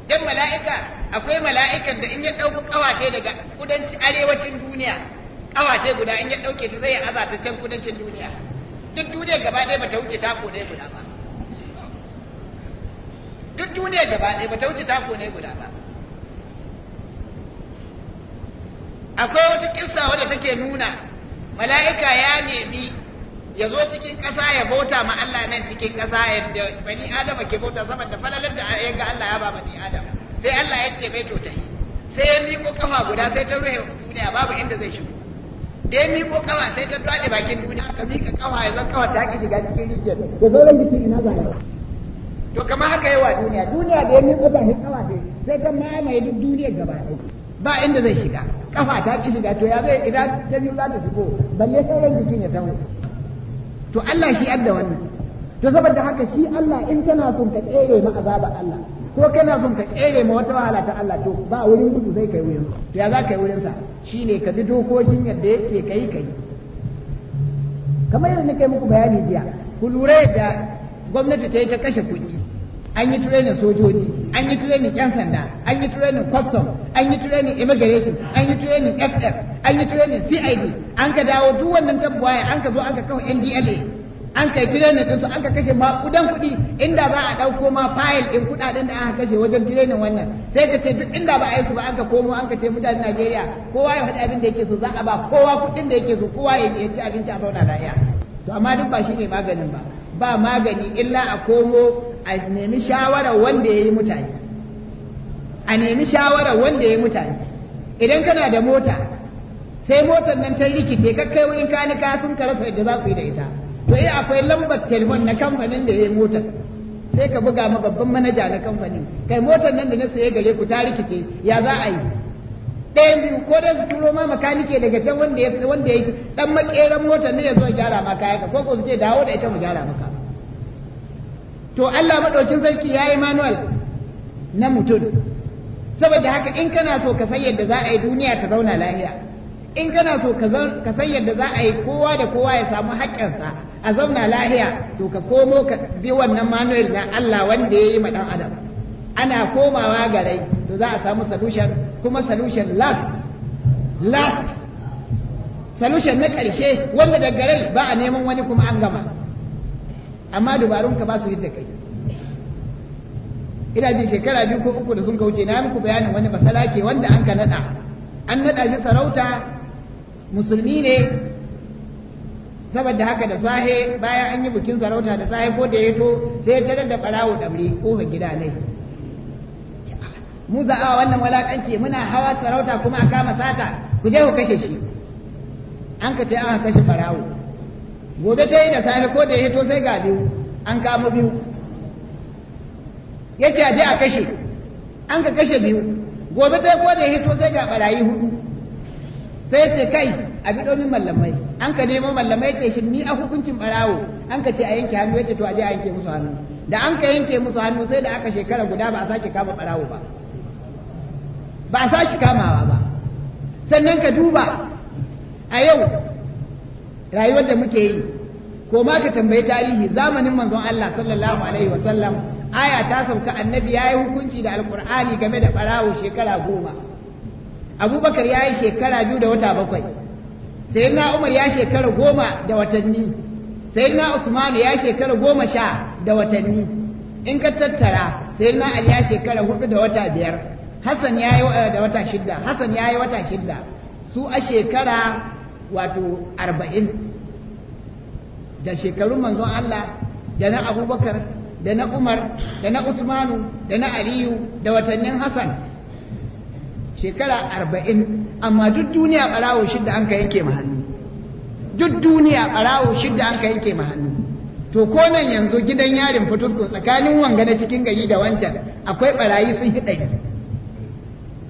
dan mala'ika akwai mala'ikan da in ya ɗauki kawace daga kudanci arewacin duniya kawace guda in ya ɗauke ta zai aza ta can kudancin duniya duk duniya gaba ɗaya bata wuce tako ɗaya guda ba duk duniya gaba ɗaya bata wuce tako ɗaya guda ba akwai wata kissa wadda take nuna mala'ika ya nemi ya zo cikin ƙasa ya bauta ma Allah nan cikin ƙasa yadda bani Adam ke bauta saboda falalar da ya ga Allah ya ba bani Adam sai Allah ya ce mai tota tahi sai ya miƙo kafa guda sai ta ruhe duniya babu inda zai shigo da ya miƙo kafa sai ta dade bakin duniya ka miƙa kafa ya zan kafa ta ki shiga cikin rijiyar da sauran jikin ina za ya to kamar haka yawa duniya duniya da ya miƙo ba shi kafa sai ta mamaye duk duniya gaba ɗaya ba inda zai shiga kafa ta ki shiga to ya zai idan ta biyu za ta shigo balle sauran jikin ya taho to Allah shi adda wannan to saboda haka shi Allah in kana son ka tsere ma azaba Allah ko kana son ka tsere ma wata wahala ta Allah to ba wurin gudu zai kai wurin to ya za ka yi wurin sa shine ka bi dokokin yadda yake kai kai kamar yadda nake muku bayani jiya ku lura da gwamnati ta yi ta kashe kuɗi an yi training sojoji an yi training yan sanda an yi training custom an yi training immigration an yi training ff an yi training cid an ka dawo duk wannan tabbuwaye an ka zo an ka kawo ndla an kai training din su an ka kashe makudan kuɗi inda za a ɗauko ma fayil ɗin kuɗaɗen da aka kashe wajen training wannan sai ka ce duk inda ba a yi su ba an ka komo an ka ce mutanen Najeriya kowa ya faɗi abin da yake so za a ba kowa kuɗin da yake so kowa ya ci abinci a zauna lafiya to amma duk ba ne maganin ba ba magani illa a komo a nemi shawarar wanda ya yi mutane a nemi shawarar wanda ya yi mutane idan kana da mota sai motar nan ta rikice kakkai wurin ka sun ka rasa da za su yi da ita to eh akwai lambar telefon na kamfanin da ya yi motar sai ka buga ma babban manaja na kamfanin kai motar nan da na saye gare ku ta rikice ya za a yi ɗayan biyu ko dai su turo ma makanike daga can wanda ya wanda ya dan makeran na ne ya zo gyara ma kayan ko ko su ce dawo da ita mu gyara maka to Allah madaukin sarki ya yi manual na mutum saboda haka in kana so ka san yadda za a yi duniya ta zauna lahiya? in kana so ka san yadda za a yi kowa da kowa ya samu haƙƙinsa a zauna lahiya to ka komo ka bi wannan manuel na Allah wanda ya yi ma ɗan adam ana komawa garai to za a samu solution kuma solution last last solution na ƙarshe wanda da garai ba a neman wani kuma an gama amma dubarun ka ba su yadda kai ina ji shekara biyu ko uku da sun kauce na muku bayanin wani basala ke wanda an ka naɗa an naɗa shi sarauta musulmi ne saboda haka da sahe bayan an yi bukin sarauta da sahe ko da ya to sai ya tarar da ɓarawo ko ga gida ne mu za a wannan walakanci muna hawa sarauta kuma a kama sata ku je ku kashe shi an ka ce an kashe farawo gobe ta yi da safe ko da ya hito sai ga biyu an kama biyu ya ce a je a kashe an ka kashe biyu gobe ta yi ko da ya hito sai ga barayi hudu sai ya ce kai a bi domin mallamai an ka nemo mallamai ce shi ni a hukuncin barawo an ka ce a yanke hannu ya ce to a je a yanke musu hannu da an ka yanke musu hannu sai da aka shekara guda ba a sake kama barawo ba ba a sake kamawa ba sannan ka duba a yau rayuwar da muke yi ko ma ka tambayi tarihi zamanin manzon Allah sallallahu alaihi sallam aya ta sauka annabi ya yi hukunci da alkur'ani game da barawo shekara goma abubakar ya yi shekara biyu da wata bakwai na umar ya shekara goma da watanni na usmanu ya shekara goma sha da watanni in ka tattara na ali ya shekara hudu da wata biyar Hassan ya yi eh, da wata shidda Hassan ya yi wata shidda su a shekara wato arba'in da shekarun manzon Allah da na abubakar da na umar da na usmanu da na aliyu da watannin Hassan shekara arba'in amma duk duniya ɓarawo shidda an ka yanke ma hannu duk duniya ɓarawo shidda an ka yanke ma hannu to ko nan yanzu gidan yarin fituskun tsakanin wanga na cikin gari da wancan akwai ɓarayi sun hiɗa yi.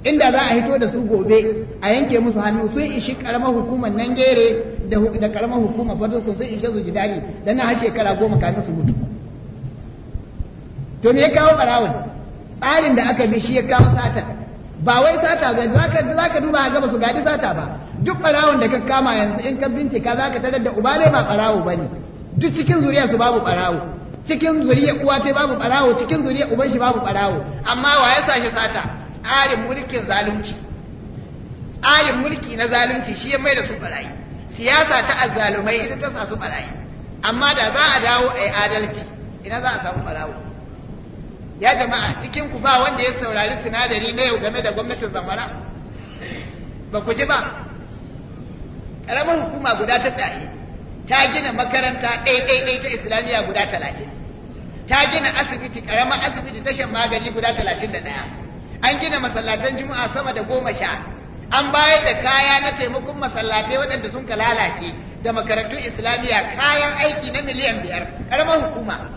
inda za a hito da su gobe a yanke musu hannu sun ishi karamar hukumar nan gere da karamar hukumar fatarku sun ishe su jidali da na har shekara goma kafin su mutu to me ya kawo barawun tsarin da aka bi shi ya kawo sata ba wai sata ga zaka zaka duba ga ba su gadi sata ba duk barawun da ka kama yanzu in ka bincika zaka tarar da uba ne ba barawo bane duk cikin zuriya su babu barawo cikin zuriya uwa ce babu barawo cikin zuriya uban shi babu barawo amma wa ya sashi sata tsarin mulkin zalunci tsarin mulki na zalunci shi ya mai da su barayi siyasa ta azzalumai ita ta sa su barayi amma da za a dawo a yi adalci ina za a samu barawo ya jama'a cikin ku ba wanda ya saurari sinadari na yau game da gwamnatin zamara ba ku ji ba ƙaramin hukuma guda ta tsaye ta gina makaranta ɗaiɗaiɗai ta islamiyya guda talatin ta gina asibiti ƙaramin asibiti tashan magani guda talatin da ɗaya an gina masallatan juma'a sama da goma sha an bayar da kaya na taimakon masallatai waɗanda sun ka lalace da makarantun islamiyya kayan aiki na miliyan biyar ƙaramar hukuma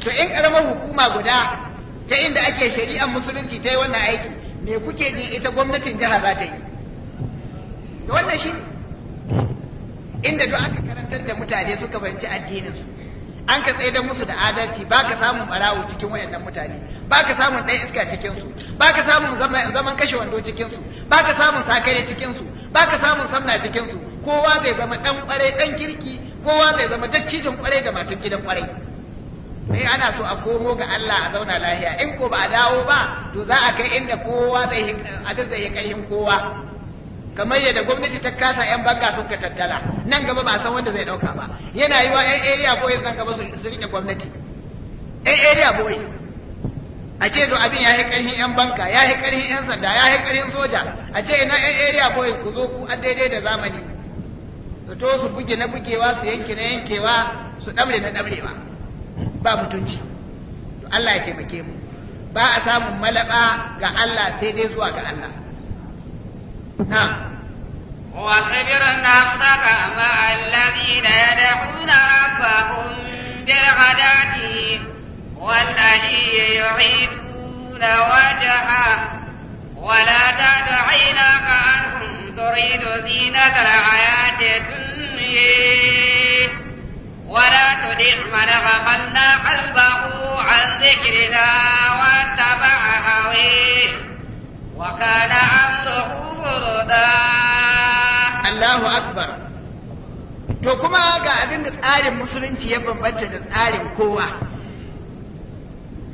to in ƙaramar hukuma guda ta inda ake shari'ar musulunci ta yi wannan aiki me kuke jin ita gwamnatin jihar za ta yi wannan shi inda duk aka karantar da mutane suka fahimci addininsu an ka tsaye musu da adalci ba ka samun barawo cikin wayannan mutane ba ka samun ɗan iska cikinsu ba ka samun zaman kashe wando cikinsu ba ka samun sakare cikinsu ba ka samun samna cikinsu kowa zai zama ɗan ƙwarai ɗan kirki kowa zai zama dattijan ƙwarai da matan gidan ƙwarai sai ana so a komo ga Allah a zauna lahiya in ko ba a dawo ba to za a kai inda kowa zai a zai yi kowa kamar yadda gwamnati ta kasa yan banga sun ka tattala nan gaba ba san wanda zai dauka ba yana yi wa yan area boys nan gaba su rike gwamnati yan area boys a ce to abin ya yi karhin yan banka ya yi karhin yan sanda ya yi karhin soja a ce ina yan area boys ku zo ku a daidai da zamani su to su buge na bugewa su yanke na yankewa su ɗamre na ɗamrewa ba mutunci to Allah ya taimake mu ba a samun malaba ga Allah sai dai zuwa ga Allah نعم واصبر نفسك مع الذين يدعون ربهم بالغداة والعشي يعيدون وجهه ولا تدع عينك عنهم تريد زينة الحياة الدنيا ولا تدع من غفلنا قلبه عن ذكرنا واتبع هويه وكان أمره فردا الله أكبر to kuma ga abin da tsarin musulunci ya bambanta da tsarin kowa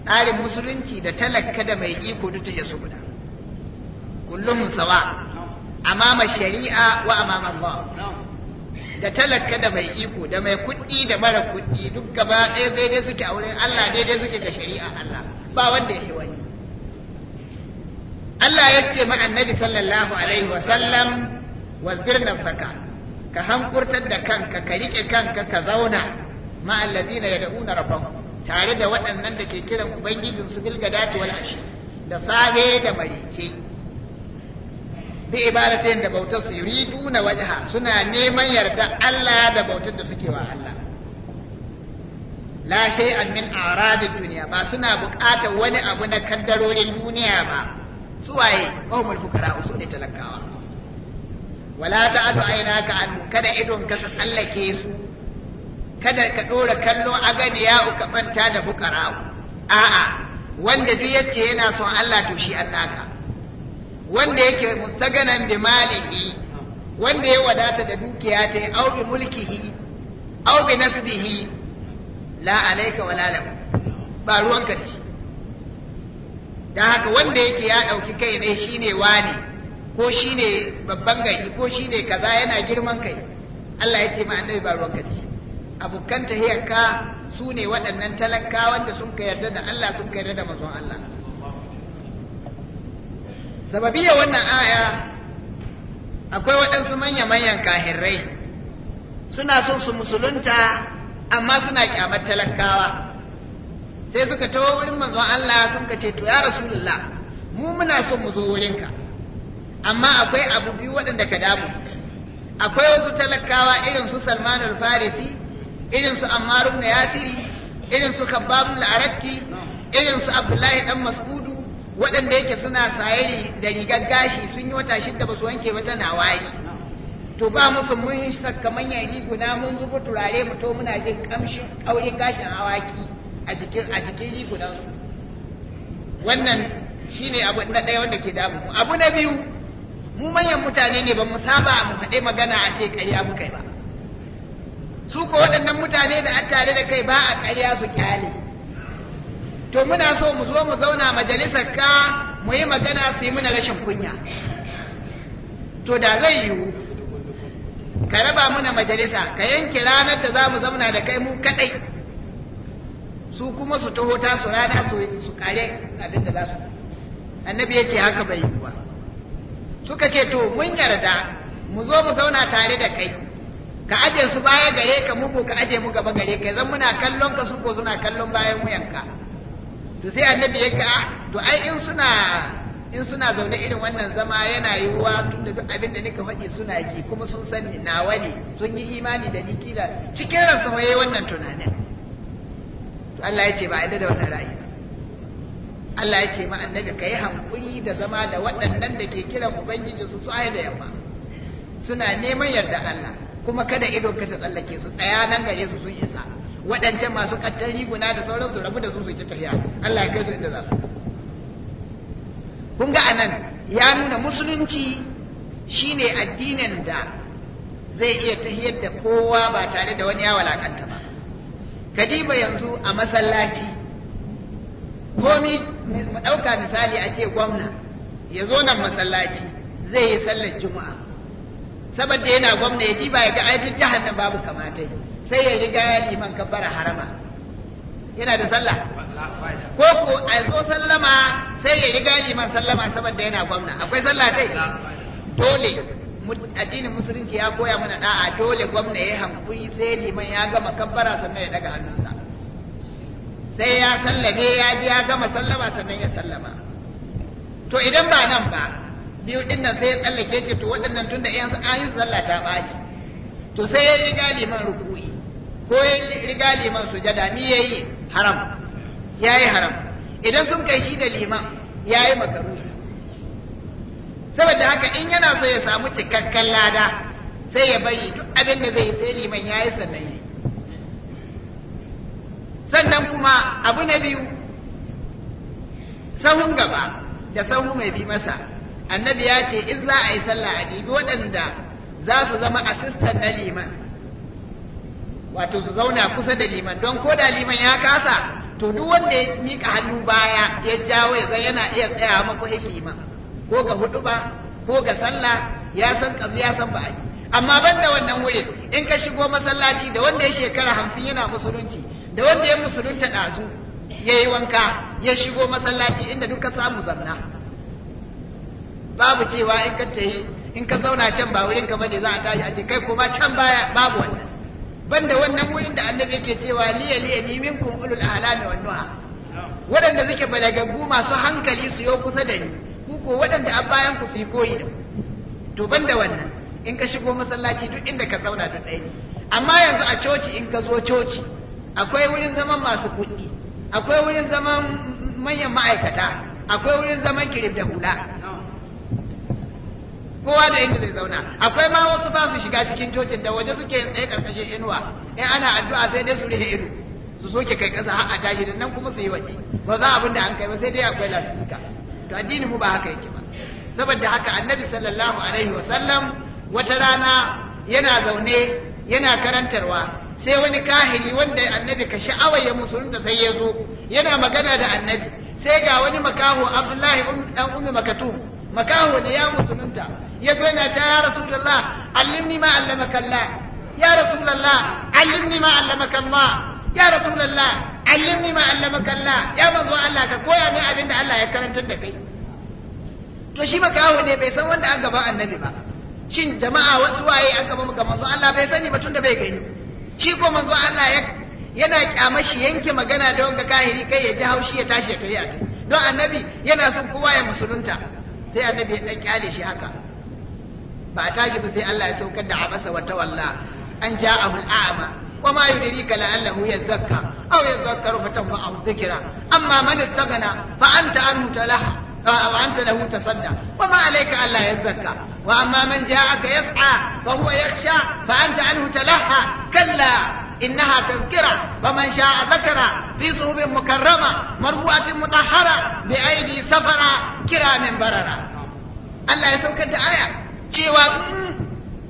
tsarin musulunci da talaka da mai iko duk ya su kullum sawa amama shari'a wa amama Allah da talaka da mai iko da mai kuɗi da mara kuɗi duk gaba ɗaya daidai suke a wurin Allah daidai suke ga shari'a Allah ba wanda ya wani Allah ya ce ma annabi sallallahu alaihi wasallam wazbir nafsaka ka hankurtar da kanka ka rike kanka ka zauna ma alladina yad'una rabbahum tare da waɗannan da ke kiran ubangijin su bil wal ashi da sahe da marice bi ibadatin da bautar su yuriduna wajha suna neman yarda Allah da bautar da suke wa Allah la shay'an min aradid dunya ba suna buƙatar wani abu na kaddarorin duniya ba suwaye ƙaumul fukara su ne talakawa wala ta adu aina ka an kada idon ka tsallake su kada ka ɗora kallon a gani ya manta da fukara a'a wanda duk yake yana son Allah to shi annaka wanda yake mustaganan bi malihi wanda ya wadata da dukiya ta au bi mulkihi au bi nasbihi la alayka wala lahu ba ruwanka da shi da haka wanda yake ya ɗauki kai ne shine wani ko shine babban gari ko shine kaza yana girman kai Allah ya ce ma annabi ba ruwan kaji abokan tahiyarka su ne waɗannan talaka wanda sun ka yarda da Allah sun ka yarda da mazon Allah sababiyar wannan aya akwai waɗansu manya-manyan kahirrai suna son su musulunta amma suna kyamar talakawa sai suka tawo wurin manzon Allah sun ka ce to ya rasulullah mu muna so mu zo wurinka amma akwai abu biyu waɗanda ka damu akwai wasu talakawa irin su Salman al-Farisi irin su Ammar ibn Yasiri irin su Khabbab al-Arakki irin su Abdullahi dan Mas'udu waɗanda yake suna sayari da rigar gashi sun yi wata shidda ba su wanke ba tana wari to ba musu mun saka manyan riguna mun zuba turare mu to muna jin kamshin aure gashin awaki a jikin a jikin su wannan shine abu na ɗaya wanda ke damu abu na biyu mu manyan mutane ne ba mu saba mu faɗe magana a ce ƙarya mu kai ba su ko waɗannan mutane da an tare da kai ba a ƙarya su kyale to muna so mu zo mu zauna majalisar ka mu yi magana su yi muna rashin kunya to da zai yiwu ka raba muna majalisa ka yanke ranar da za mu zauna da kai mu kaɗai su kuma su taho su rana su kare abin da za su annabi ya ce haka bai yi ba suka ce to mun yarda mu zo mu zauna tare da kai ka aje su baya gare ka mu ka aje mu gaba gare ka zan muna kallon ka su ko suna kallon bayan wuyanka to sai annabi ya ka to ai in suna in suna zaune irin wannan zama yana yiwuwa tun da abin da nika faɗi suna ji kuma sun san nawa ne sun yi imani da ni kila cikin ransa yayi wannan tunanin Allah ya ce ba yadda da wannan ra'ayi ba Allah ya ce ma annabi kai hankuri da zama da waɗannan da ke kiran ubangiji su su da yamma suna neman yarda Allah kuma kada ido ka ta tsallake su tsaya nan gare su sun isa waɗancan masu kattar riguna da sauransu rabu da su su ta tafiya Allah ya kai su inda za su kun ga anan ya nuna musulunci shine addinin da zai iya tahiyar da kowa ba tare da wani ya walakanta ba kadiba yanzu a masallaci komi mu ɗauka misali a ce gwamna ya zo nan masallaci zai yi sallar juma'a saboda yana gwamna ya diba ya ga ai duk jihar nan babu kamata sai ya riga ya liman kabbara harama yana da sallah ko ko a zo sallama sai ya riga liman sallama saboda yana gwamna akwai sallah dai dole addinin musulunci ya koya mana da'a dole gwamna ya hankuri sai liman ya gama kabbara sannan ya daga hannunsa sai ya sallame ya ji ya gama sallama sannan ya sallama to idan ba nan ba biyu din nan sai ya tsallake ce to waɗannan tun da yansu an yi sallah ta ɓaci to sai ya riga liman ruku'i ko ya riga liman sujada mi yayi haram yayi haram idan sun kai shi da liman yayi makaruhi saboda haka in yana so ya samu cikakken lada sai ya bari duk abin da zai sai liman ya yi sannan yi sannan kuma abu na biyu sahun gaba da sahu mai bi masa annabi ya ce in za a yi sallah a ɗibi waɗanda za su zama asistan na liman wato su zauna kusa da liman don ko da liman ya kasa to duk wanda ya miƙa hannu baya ya jawo ya yana iya tsaya makuhin liman ko ga ba ko ga sallah ya san kabli ya san ba amma ban da wannan wurin in ka shigo masallaci da wanda ya shekara hamsin yana musulunci da wanda ya musulunta ɗazu ya yi wanka ya shigo masallaci inda duka samu zamna babu cewa in ka tahi in ka zauna can ba wurin ka bane za a tashi a ce kai kuma can baya babu wannan banda wannan wurin da annabi yake cewa liya liya ni minkum ulul ahlami wan nuha waɗanda suke balagaggu masu hankali su yo kusa da ni ko waɗanda a bayan ku su koyi da to ban da wannan in ka shigo masallaci duk inda ka zauna duk ɗaya amma yanzu a coci in ka zo coci akwai wurin zaman masu kuɗi akwai wurin zaman manyan ma'aikata akwai wurin zaman kirif da hula kowa da inda zai zauna akwai ma wasu ba su shiga cikin cocin da waje suke tsaye karkashin inuwa in ana addu'a sai dai su rihe ido su soke kai kasa har a tashi da nan kuma su yi waje ba za abin da an kai ba sai dai akwai lasifika to addinin mu ba haka yake ba saboda haka annabi sallallahu alaihi wasallam wata rana yana zaune yana karantarwa sai wani kahiri wanda annabi ka sha'awar ya musulunta sai ya zo yana magana da annabi sai ga wani makaho abdullahi um, dan ummi makatum makaho ne ya musulunta ya zo yana ta ya rasulullah allimni ma allamaka allah ya rasulullah allimni ma allamaka allah ya rasulullah allimni ma allamaka Allah ya manzo Allah ka koya min abin da Allah ya karantar da kai to shi makaho ne bai san wanda an gaban annabi ba shin jama'a wasu waye an gaba ga manzo Allah bai sani ba tun da bai gani shi ko manzo Allah ya yana kyamar yanke magana da wanga kahiri kai ya ji haushi ya tashi ya tafi a don annabi yana son kowa ya musulunta sai annabi ya dan kyale shi haka ba a tashi ba sai Allah ya saukar da abasa wa walla. an ja ja'ahu al'ama وما يدريك لعله يزكى أو يذكر فتنفعه الذكرى أما من استغنى فأنت عنه تلهى وأنت له تصدى وما عليك ألا يزكى وأما من جاءك يسعى فهو يخشى فأنت عنه تلهى كلا إنها تذكرة فمن شاء ذكر في صحب مكرمة مرفوعة مطهرة بأيدي سفرة كرام بررة الله يسوك الدعاية cewa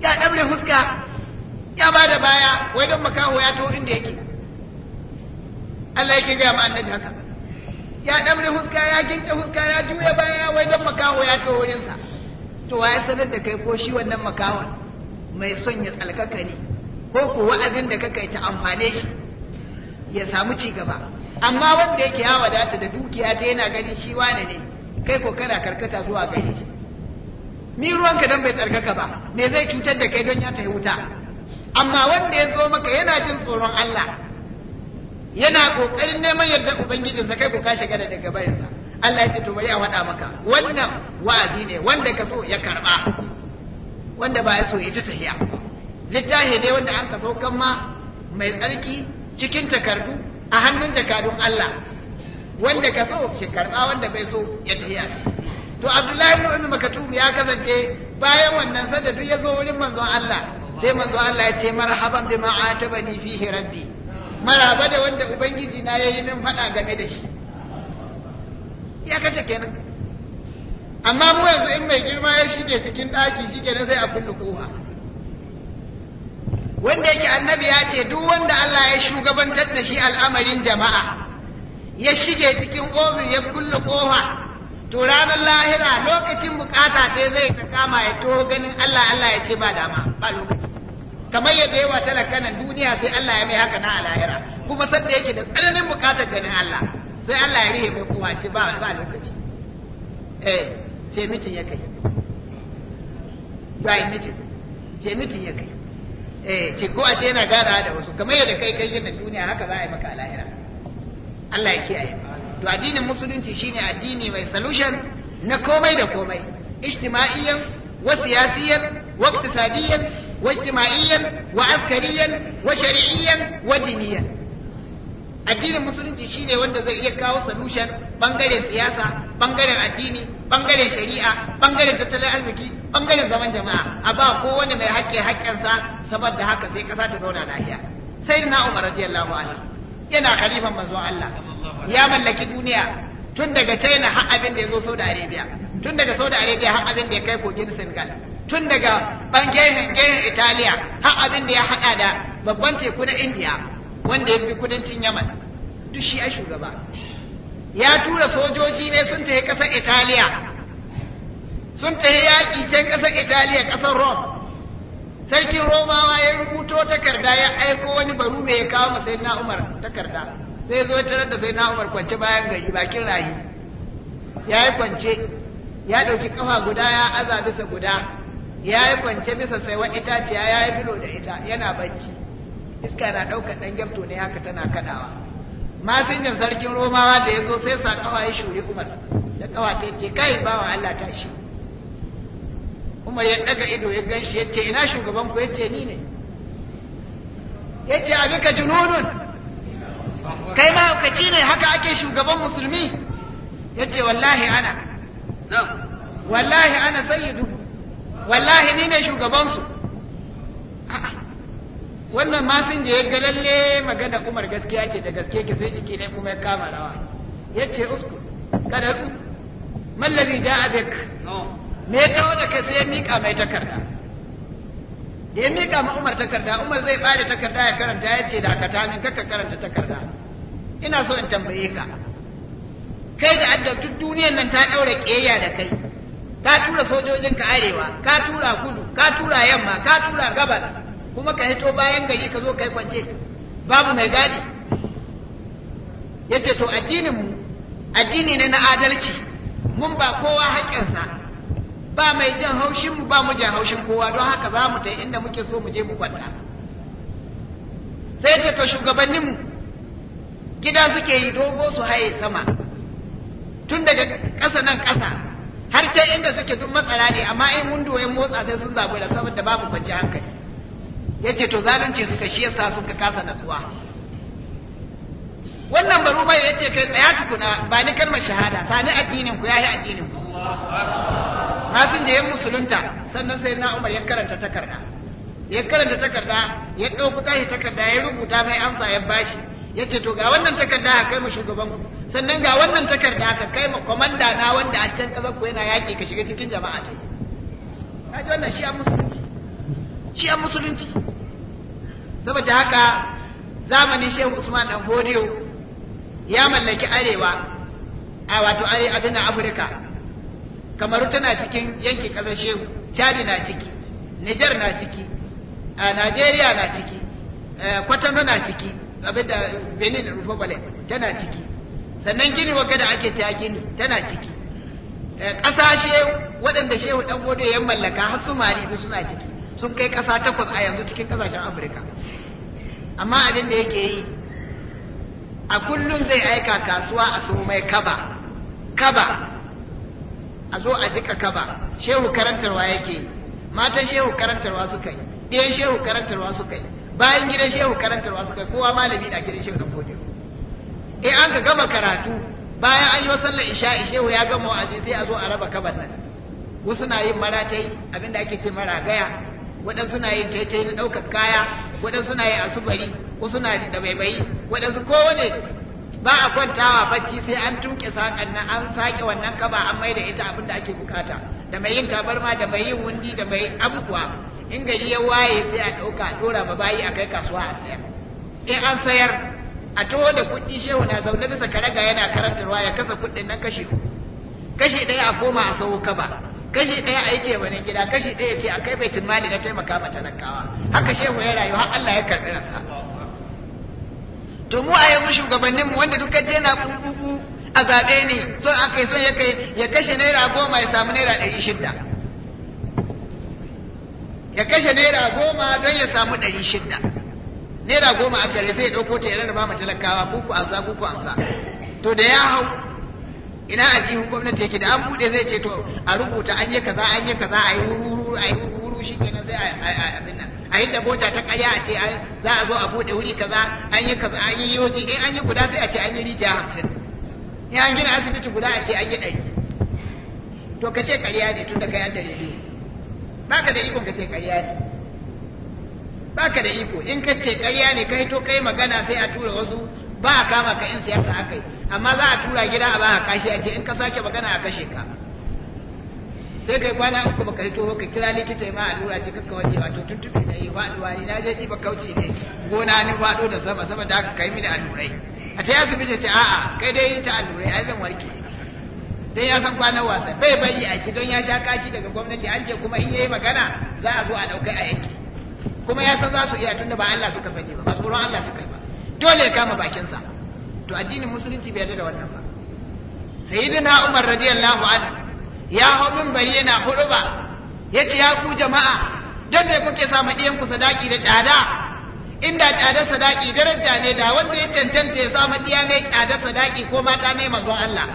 ya ɗaure fuska ya ba da baya wai don makaho ya taho inda yake Allah yake gaya ma annabi haka ya damre huska ya gince huska ya juya baya wai don makaho ya taho wurinsa to wa sanar da kai ko shi wannan makahon mai son ya tsalkaka ne ko ko wa'azin da kakai ta amfane shi ya samu ci gaba amma wanda yake ya wadata da dukiya ta yana ganin shi wane ne kai ko kana karkata zuwa gare shi ni ruwanka dan bai tsarkaka ba me zai cutar da kai don ya tafi wuta amma wanda ya zo maka yana jin tsoron Allah yana kokarin neman yadda ubangiji sa kai ku kashe gada daga bayansa Allah ya ce to bari a wada maka wannan wa'azi ne wanda ka so ya karba wanda ba ya so ya ji tahiya littafi ne wanda an kaso kan ma mai tsarki cikin takardu a hannun jakadun Allah wanda ka so ki karba wanda bai so ya tahiya to Abdullahi ibn Maktum ya kasance bayan wannan sanda duk ya zo wurin manzon Allah sai manzo Allah ya ce marhaban bima atabani fihi rabbi maraba da wanda ubangiji na yayi min fada game da shi ya kace kenan amma mu yanzu in mai girma ya shige cikin daki shige da sai a kullu kofa wanda yake annabi ya ce duk wanda Allah ya shugabantar da shi al'amarin jama'a ya shige cikin ofis ya kulle kofa to ranar lahira lokacin bukata ta zai ta kama ya to ganin Allah Allah ya ce ba dama ba lokaci kamar yadda yawa talaka nan duniya sai Allah ya mai haka na alahira kuma sanda yake da tsananin bukatar ganin Allah sai Allah ya rihe mai kowa ce ba ba lokaci eh ce mitin ya kai yayi mitin ce mitin ya kai eh ce ko a ce yana gara da wasu kamar yadda kai kai yin duniya haka za a yi maka alahira Allah ya kiyaye to addinin musulunci shine addini mai solution na komai da komai ijtima'iyyan wa siyasiyan wa iqtisadiyyan واجتماعيا وعسكريا وشرعيا ودينيا addinin musulunci shine wanda zai iya kawo solution bangaren siyasa bangaren addini bangaren shari'a bangaren tattalin arziki bangaren zaman jama'a a ba kowane mai haƙƙi haƙƙinsa saboda haka sai ƙasa ta zauna lafiya sai na umar radiyallahu anhu yana khalifan manzon Allah ya mallaki duniya tun daga China har abin da ya zo Saudi Arabia tun daga Saudi Arabia har abin da ya kai kogin Senegal tun daga bangehen gehen Italiya har abin da ya haɗa da babban teku na Indiya wanda ya fi kudancin Yaman duk shi a shugaba ya tura sojoji ne sun tafi ƙasar Italiya sun tafi yaƙi can ƙasar Italiya ƙasar Rome sarkin Romawa ya rubuto takarda ya aiko wani mai ya kawo masa na Umar takarda sai zo tarar da sai na Umar kwance bayan gari bakin rahi ya yi kwance ya ɗauki ƙafa guda ya aza bisa guda ya yi kwance bisa sai wa itaciya ya yi filo da ita yana bacci iska na ɗaukar ɗan gyamto ne haka tana kaɗawa masinjan sarkin romawa da ya zo sai sa ƙawa ya shuri umar da ƙawa ta ce kai bawa allah ta shi umar ya ɗaga ido ya gan shi ya ce ina shugaban ku ya ce ni ne ya ce abi ka jununun kai ma ka ci ne haka ake shugaban musulmi ya ce wallahi ana wallahi ana sayyidu wallahi ni ne shugabansu wannan sun je ya ga lalle magana umar gaskiya ce da gaske ki sai jiki ne kuma ya kama rawa ya ce usku kada su mallazi ja abek me kawo da kai sai ya miƙa mai takarda da ya miƙa ma umar takarda umar zai bada takarda ya karanta ya ce da ka min kaka karanta takarda ina so in tambaye ka kai da adda duk duniyar nan ta ɗaura ƙeya da kai ka tura sojojin ka arewa ka tura kudu ka tura yamma ka tura gabas kuma ka hito bayan gari ka zo kai kwance babu mai gadi yace to addinin mu addini ne na adalci mun ba kowa haƙƙinsa ba mai jan haushin mu ba mu jan haushin kowa don haka za mu ta inda muke so mu je mu kwanta sai ce to shugabannin mu gida suke yi dogo su haye sama tun daga ƙasa nan ƙasa har can inda suke duk matsala ne amma in windo ya motsa sai sun da saboda babu kwanci hankali ya ce to zalunci suka shi yasa suka kasa nasuwa wannan baro bai ya ce kai tsaya tukuna ba ni kalmar shahada sani addinin ku yahi addinin ku sun je musulunta sannan sai na umar ya karanta takarda ya karanta takarda ya ɗauko kashi takarda ya rubuta mai amsa ya bashi ya ce to ga wannan takarda a kai mu shugaban ku sannan ga wannan takarda ka kai ma komanda na wanda a can kasar ku yana yaƙi ka shiga cikin jama'a ta yi ji wannan shi a musulunci shi musulunci saboda haka zamani shehu usman dan godiyo ya mallaki arewa a wato are abin na afirka kamaru tana cikin yankin ƙasar shehu chadi na ciki niger na ciki a najeriya na ciki eh, kwatano na ciki abin da benin republic tana ciki sannan gini wa da ake ta gini tana ciki eh, ƙasashe waɗanda shehu ɗan godo ya mallaka har su mali suna ciki sun kai ƙasa takwas a yanzu cikin ƙasashen afirka amma abin da yake yi a kullum zai aika kasuwa a su mai kaba kaba a zo a jika kaba shehu karantarwa yake yi matan shehu karantarwa suka yi ɗiyan shehu karantarwa suka yi bayan gidan shehu karantarwa suka yi kowa malami na gidan shehu ɗan godo Eh an ka gama karatu bayan an yi sallar isha shehu ya gama wa'azi sai a zo a raba kabar nan wasu na yin maratai abinda ake ce maragaya waɗansu na yin taitai na ɗaukar kaya waɗansu na yin asubari wasu na da baibayi waɗansu kowane ba a kwantawa bacci sai an tuƙe saƙan nan an sake wannan kaba an mai da ita abinda ake bukata da mai yin ma da mai yin wundi da mai abubuwa in gari ya waye sai a ɗauka a ɗora ma bayi a kai kasuwa a sayar in an sayar a taho da kuɗi shehu na zaune bisa ka raga yana karantarwa ya kasa kuɗin nan kashi uku kashi ɗaya a koma a sau kaba kashi ɗaya a yi ce wani gida kashi ɗaya ce a kai baitul mali na taimaka ma talakawa haka shehu ya rayu har Allah ya karɓi ransa to mu a yanzu shugabanninmu wanda duka je na ƙuƙuƙu a zaɓe ne son aka yi son ya kai ya kashe naira goma ya samu naira ɗari shida ya kashe naira goma don ya samu ɗari shida naira goma a kare sai ya ɗauko ta ya rarraba ma talakawa ko ku amsa ko ku amsa to da ya hau ina jihun gwamnati yake da an buɗe zai ce to a rubuta an yi kaza an yi kaza a yi wuru a yi wuru shi kenan zai a abin nan a yi bota ta ƙarya a ce za a zo a buɗe wuri kaza an yi kaza an yi yoji in an yi guda sai a ce an yi rijiya hamsin in an gina asibiti guda a ce an yi ɗari to ka ce ƙarya ne tun da ka an da biyu ba ka da ikon ka ce ƙarya ne baka da iko in ka ce ƙarya ne ka hito kai magana sai a tura wasu ba a kama ka in siyasa aka yi amma za a tura gida a ba a kashi a ce in ka sake magana a kashe ka sai kai kwana uku baka hito ka kira likita ya ma allura ce kakka waje wato tuntuɓe na yi faɗuwa ni na je ɗiba kauce ne gona ni faɗo da sama saboda haka kai mini allurai a ta yasu bishe ce a'a kai dai ta allurai ai zan warke dan ya san kwanan wasa bai bari a ki don ya sha kashi daga gwamnati an ce kuma in yayi magana za a zo a ɗaukai a yanki kuma ya san za su iya tunda ba Allah suka sani ba ba tsoron Allah suka yi ba dole ya kama bakinsa to addinin musulunci bai yarda da wannan ba sayyidina Umar radiyallahu anhu ya hau min bari yana huruba yace ya ku jama'a don me kuke sa ma diyan ku sadaki da tsada inda tsadar sadaki daraja ne da wanda ya cancanta ya sa ma diya ne tsadar sadaki ko mata ne manzon Allah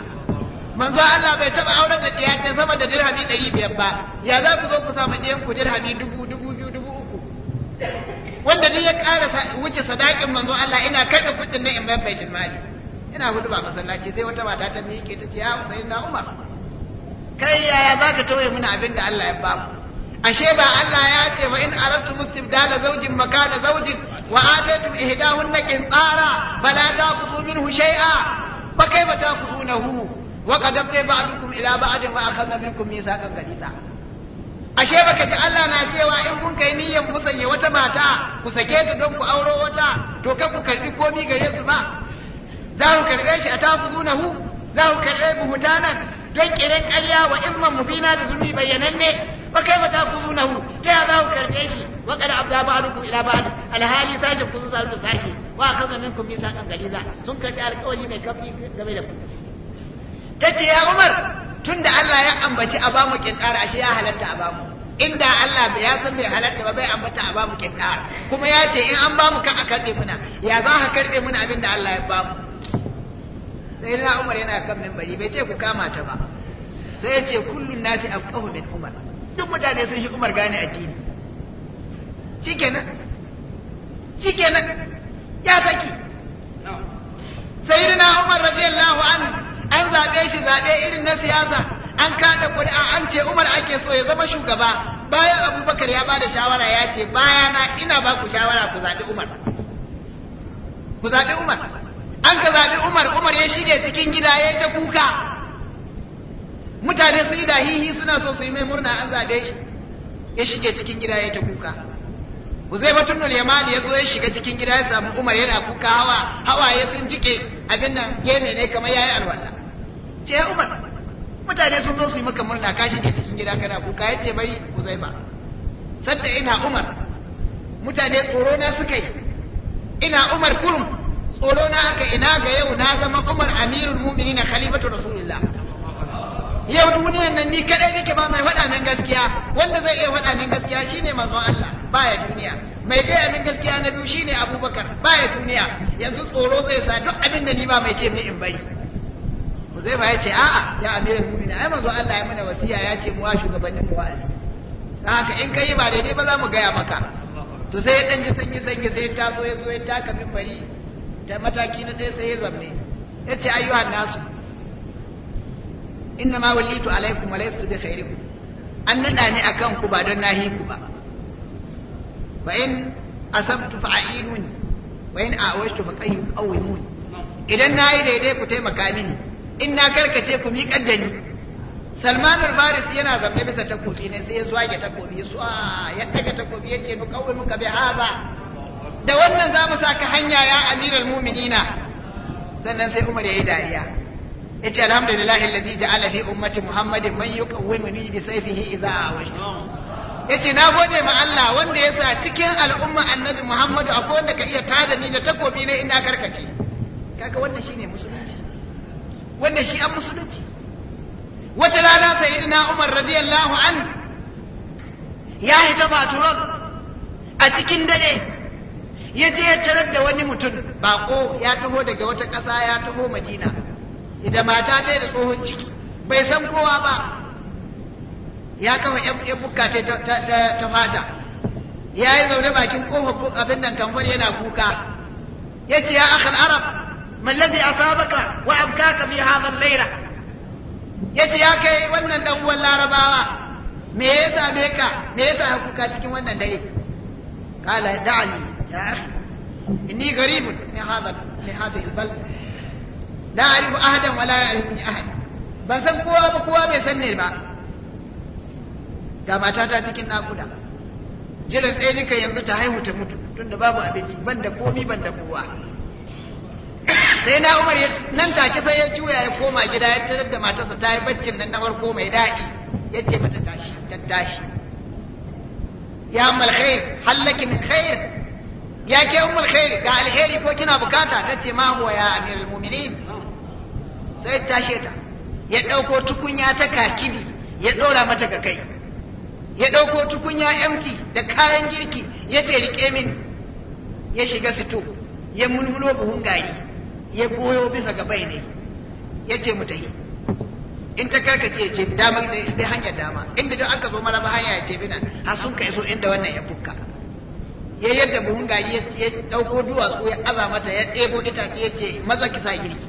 manzo Allah bai taba auren da diya ta sama da dirhami biyar ba ya za ku zo ku samu diyan ku dirhami dubu wanda ni ya ƙara wuce sadakin manzo Allah ina karɓe kuɗin nan in mayar baitul mali ina hudu ba masallaci sai wata mata ta miƙe ta ce ya Usayn na Umar kai yaya zaka tauye mana abin da Allah ya ba mu ashe ba Allah ya ce wa in aradtum istibdala zawjin makana zawjin wa atatum ihdahunna qintara fala ta'khudhu minhu shay'a fa kayfa huhu. wa qad ba ba'dukum ila ba'din wa akhadna minkum mithaqan ghalidha ashe baka ji Allah na cewa in kun kai niyyar musanye wata mata ku sake ta don ku auro wata to kar ku karbi komi gare su ba za ku karbe shi a tafuzunahu za ku karbe buhutanan don kiran ƙarya wa ilman mubina da zunubi bayyananne ba kai ba tafuzunahu ta ya za ku karbe shi wa qad abda ba'dukum ila ba'd alhali sashin kun sa da sashi wa akhadha minkum misaqan galiza sun karbi alƙawari mai kafi game da ku tace ya Umar Tun da Allah ya ambaci a bamu kinkara ashe ya halatta a bamu inda Allah ya san bai halatta ba bai ambata a bamu kinkara kuma ya ce in an bamu kan a karɓe muna ya za ka karɓe muna abin da Allah ya bamu sai na Umar yana kan mimbari bai ce ku kama ta ba sai ya ce kullun nasi afqahu min Umar duk mutane sun shi Umar gane addini shikenan shikenan ya saki sayyidina Umar radiyallahu anhu an zaɓe shi zaɓe irin na siyasa an kaɗa ƙuri'a an ce umar ake so ya zama shugaba bayan abubakar ya bada shawara ya ce bayana ina ba ku shawara ku zaɓi umar ku zaɓi umar an ka zaɓi umar umar ya shige cikin gida ya ta kuka mutane su yi dahihi suna so su yi mai murna an zaɓe shi ya shige cikin gida ya ta kuka Uzaifa tunnul Yamani ya zo ya shiga cikin gida ya samu Umar yana kuka hawa hawaye sun jike abin nan gene ne kamar yayi alwala. Ce Umar mutane sun zo su yi maka murna ka shige cikin gida kana kuka yace bari ba. Sadda ina Umar mutane tsoro na suka yi ina Umar kurum tsoro na aka ina ga yau na zama Umar Amirul Mu'minin Khalifatu Rasulullah. yau duniyar nan ni kadai nake ba mai faɗa min gaskiya wanda zai iya faɗa min gaskiya shine manzon Allah baya duniya mai gaya min gaskiya na biyu shine Abubakar baya duniya yanzu tsoro zai sa duk abin da ni ba mai ce mai in bari ba ya ce a'a ya amirin mu'minin ai manzon Allah ya mana wasiya ya ce mu wa shugabannin mu wa'azi haka in kai ba daidai ba za mu gaya maka to sai ya dan ji sanyi sanyi sai ya taso ya zo ya taka min bari da mataki na ɗaya sai ya zamne ya ce ayyuhan nasu inna ma wallitu alaikum wa laysu bi khairikum an nada ni akan ku ba don nahi ku ba fa in asabtu fa a'inuni wa in a'awashtu fa qawimun idan nayi daidai ku taimaka mini in na karkace ku mi kaddani salman al-faris yana zaune bisa takobi ne sai ya zuwa ya takobi su a ya daga takobi ya ce mu kawai muka bi haza da wannan za mu saka hanya ya amiral muminina sannan sai umar ya yi dariya yace alhamdulillahi alladhi ja'ala fi ummati muhammadin man yuqawwimuni bi sayfihi idza awash yace na gode ma Allah wanda ya sa cikin al'umma annabi muhammadu akwai wanda ka iya tada ni da takobi ne ina karkace kaga wannan shine musulunci wannan shi an musulunci wata rana sayyidina umar radiyallahu an ya hita fatural a cikin dare ya je ya tarar da wani mutum bako ya taho daga wata ƙasa ya taho madina idan mata ta da tsohon ciki bai san kowa ba ya kama yan bukka ce ta fata ya yi zaune bakin kofar abin nan kamfan yana kuka ya ce ya akhal arab mallazi asabaka wa abkaka bi hadha al-layla ya ce ya kai wannan dan uwan larabawa me ya same ka me ya sa kuka cikin wannan dare kala da'ani ya akhi inni gharibun min hadha min hadhihi al-balad la arifu ahadan wala ya'rifuni ahad ban san kowa ba kowa bai san ne ba ga matata cikin nakuda jiran ɗaya nika yanzu ta haihu ta mutu tunda babu abinci ban da komi ban da kowa sai na umar nan take sai ya juya ya koma gida ya tarar da matarsa ta yi baccin nan na farko mai daɗi ya ce mata tashi ta tashi ya amal khair hallakin khair ya ke umar khair ga alheri ko kina bukata ta ce ma huwa ya amirul mu'minin sai ta tashe ta ya ɗauko tukunya ta kakidi ya ɗora mata ga kai ya ɗauko tukunya yanki da kayan girki ya ce riƙe mini ya shiga sito. ya mulmulo buhun gari ya goyo bisa ga bai ne ya ce mu tahi in ta karkace ce dama da hanyar dama inda don aka zo maraba hanya ya ce bina har sun kai so inda wannan ya bukka ya yadda buhun gari ya ɗauko duwatsu ya aza mata ya ɗebo itace ya ce maza kisa girki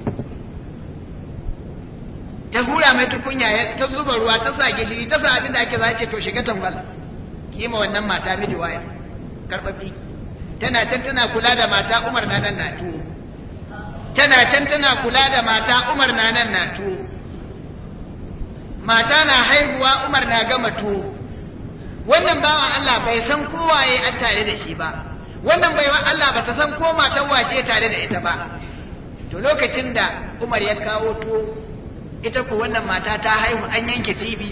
ta hura mai tukunya ta zuba ruwa ta sa gishiri ta sa abin da ake za ce to shiga tambal kima wannan mata waya, karɓar biki tana can tana kula da mata umar na nan na tuwo tana can tana kula da mata umar na nan na tuwo mata na haihuwa umar na gama tuwo wannan bawan Allah bai san kowa ya an tare da shi ba wannan bai wa Allah ba ta san ko matan wace tare da ita ba to lokacin da umar ya kawo tuwo ita ko wannan mata ta haihu an yanke tibi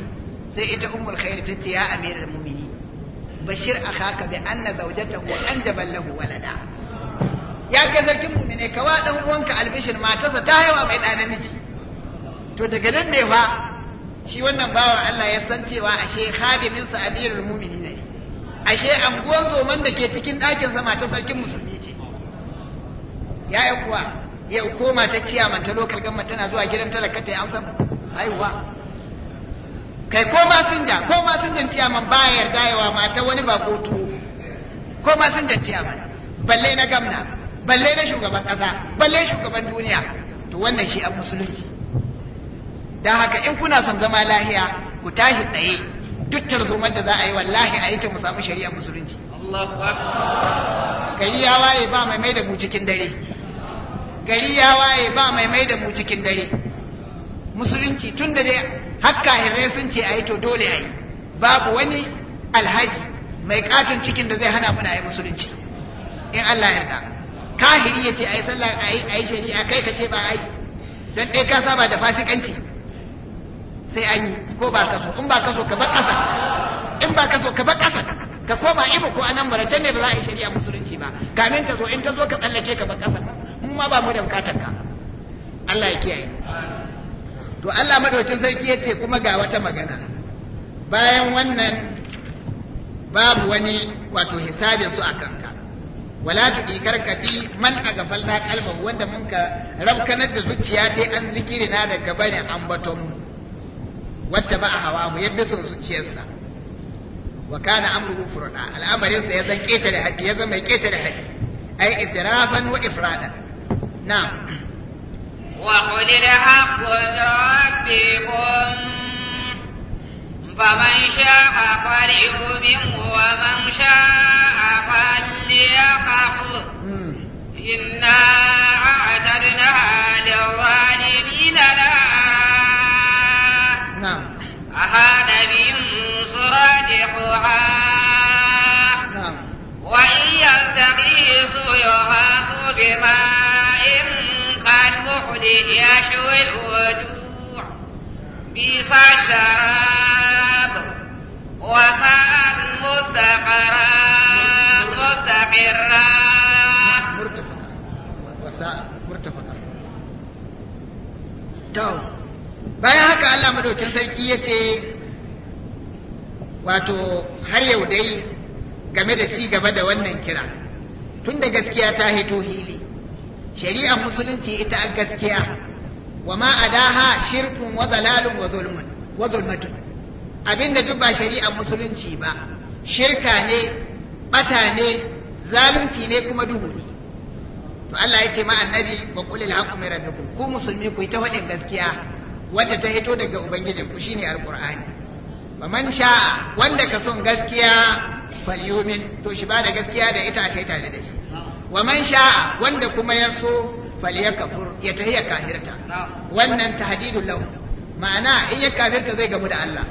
sai ita ummul khair ta ce ya amirul mu'minin bashir akhaka bi anna zawjatahu anjaban lahu walada ya kai sarkin mu'mine ka wa dan uwanka albishir matarsa ta haihuwa mai da namiji to daga nan ne fa shi wannan bawan Allah ya san cewa ashe khadimin sa amirul mu'minin ne ashe anguwan zoman da ke cikin ɗakin sa matar sarkin musulmi ce ya yi kuwa ya koma ta ciyaman ta lokal gamma tana zuwa gidan talaka ta yi amsa haihuwa kai ko masinja ko masinjan ciyaman ba ya yarda yawa mata wani ba ko tuwo ko masinjan ciyaman balle na gamna balle na shugaban kasa balle shugaban duniya to wannan shi an musulunci don haka in kuna son zama lahiya ku tashi tsaye duk tarzomar da za a yi wallahi a yake mu samu shari'a musulunci. Kai ya waye ba mai mai da mu cikin dare. gari ya waye ba mai mai da mu cikin dare musulunci tun da dai hakka hirrai sun ce ayi to dole yi. babu wani alhaji mai katon cikin da zai hana muna yi musulunci in Allah ya yarda kahiri ya ce yi sallah a yi shari'a kai ka ce ba yi? don ɗaya ka saba da fasikanci sai an yi ko ba kaso in ba kaso ka bar ƙasa in ba kaso ka bar ƙasa ka koma ibo ko anan bara can ne ba za a yi shari'a musulunci ba kamin ta zo in ta zo ka tsallake ka bar ƙasa mu ma ba mu da bukatar ka Allah ya kiyaye to Allah madaukin sarki ya ce kuma ga wata magana bayan wannan babu wani wato hisabin su a kanka wala ka karkati man a gafal na wanda mun ka rabkanar da zuciya ta an zikiri na daga barin ambaton mu wacce ba a hawa mu yadda son zuciyarsa wa kana amruhu furada sa ya zan da haƙƙi ya zan mai da haƙƙi ai israfan wa ifradan نعم وقل الحق من ربكم فمن شاء فليؤمن ومن شاء فليكفر إنا أعتدنا للظالمين نارا أحد من صادقها وإن يلتمسوها بماء كان يشوي الوجوه بيس الشراب وصاء مستقرا مستقرا مرتفقا وساءت مرتفقا تو bayan haka Allah madaukin sarki ya ce wato har yau dai game da ci gaba da wannan kira tun da gaskiya ta hito hili shari'ar musulunci ita a gaskiya wa ma adaha shirkun wa zalalun wa zulmun wa zulmatun duk ba shari'ar musulunci ba shirka ne bata ne zalunci ne kuma duhu ne to Allah ya ce ma annabi wa qulil haqqu min rabbikum ku musulmi ku yi ta faɗin gaskiya wanda ta hito daga ku shine alqur'ani man sha wanda ka son gaskiya falyumin to shi ba da gaskiya da ita ta tare da shi wa man sha'a wanda kuma ya so falyakfur ya kahirta wannan tahdidu law ma'ana in ya kafirta zai gamu da Allah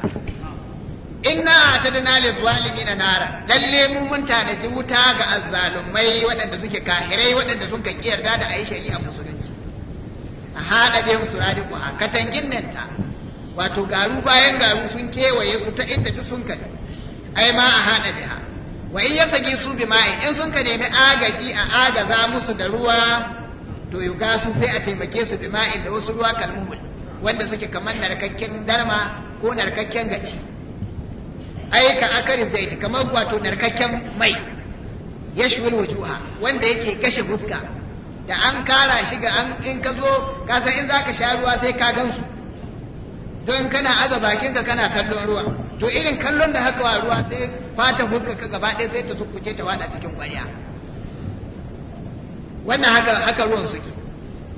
inna atadna lil zalimin nara lalle mu mun ji wuta ga azzalumai waɗanda suke kahirai waɗanda sun kan yarda da ayi shari'a musulunci a hada bihim suradiqu a katangin nan ta wato garu bayan garu sun kewaye su ta inda duk sun kai ai ma a hada biha wa in ya sage su bi ma'in in sun ka nemi agaji a agaza musu da ruwa to ga su sai a taimake su bi ma'in da wasu ruwa kalmuhul wanda suke kamar narkakken darma ko narkakken gaci ai ka akarin zaiti kamar wato narkakken mai ya shuwil wujuha wanda yake kashe fuska da an kara shi ga an in ka zo ka san in zaka sha ruwa sai ka gansu don kana aza bakinka kana kallon ruwa to irin kallon da haka wa ruwa sai fata fuskar ka gaba ɗaya sai ta sukuce ta wada cikin ƙwarya wannan haka haka ruwan suke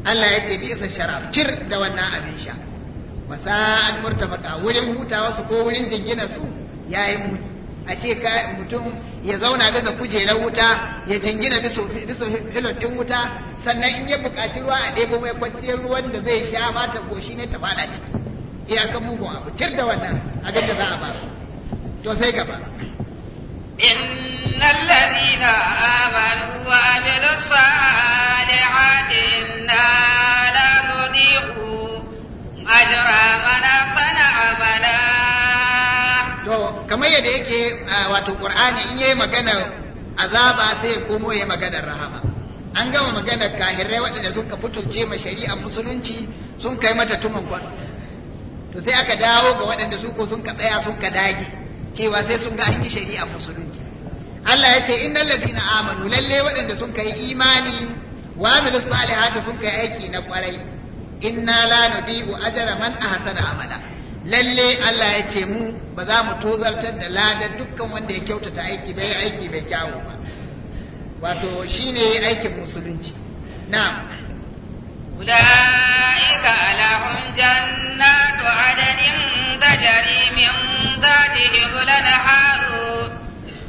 Allah ya ce bi isa sharab kir da wannan abin sha masa'an murtafaka wurin hutawa su ko wurin jingina su yayi muni a ce ka mutum ya zauna gasa kujerar wuta ya jingina bisa filon ɗin wuta sannan in ya buƙaci ruwa a ɗebo mai kwanciyar ruwan da zai sha mata goshi ne ta fada ciki iyakan mugun abu cir da wannan abin da za a ba to sai gaba إن amanu wa amilu salihati inna la نضيع ajra mana أحسن عملا to kamar yadda yake wato qur'ani in yayi magana azaba sai ya komo yayi magana rahama an gama magana kahirai waɗanda suka fitulce ma shari'ar musulunci sun kai mata tuman kwano to sai aka dawo ga waɗanda su ko sun ka tsaya sun ka dage cewa sai sun ga an yi shari'a musulunci Allah ya ce innal ladina amanu lalle waɗanda sun kai imani wa amilu salihati sun kai aiki na kwarai inna la nudiu ajra man ahsana amala lalle Allah ya ce mu ba za mu tozaltar da ladan dukkan wanda ya kyautata aiki bai aiki mai kyawu ba wato shine aikin musulunci na'am أولئك لهم جنات عدن تجري من تحتهم الأنهار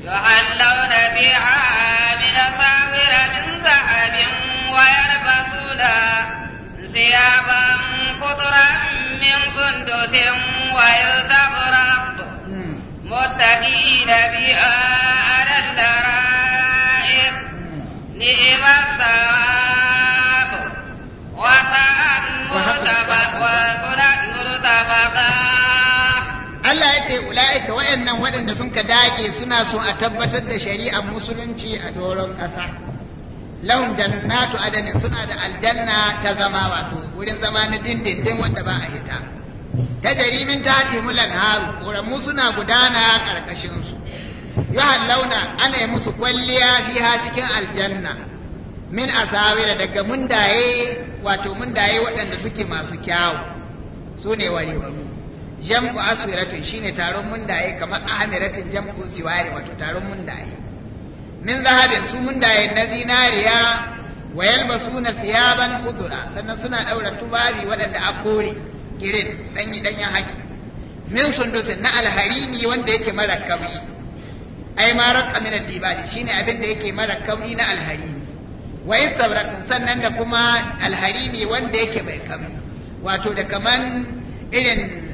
يحلون بها من أساور من ذهب ويلبسون ثيابا خضرا من سندس ويستبرق متكئين بها على Allah ya ce ula'ika waɗannan waɗanda sun ka dage suna son a tabbatar da shari'ar musulunci a doron ƙasa lahum jannatu adani suna da aljanna ta zama wato wurin zama na dindindin wanda ba a hita ta jarimin ta mulan haru ƙoramu suna gudana ƙarƙashinsu launa ana yi musu kwalliya fiha cikin aljanna min asawira daga mundaye wato mundaye waɗanda suke masu kyawu su ne warewaru jam'u aswiratun shine taron mundaye kamar amiratun jam'u siware wato taron mundaye min zahabin su mundaye na zinariya wa yalbasuna thiyaban khudura sannan suna daura tubabi waɗanda a kore kirin danyi danyen haki min sundusin na alharini wanda yake mara kauri ai ma raqqa min ad shine abin da yake mara kauri na alharini wa yasabrak sannan da kuma alharini wanda yake mai kauri wato da kaman irin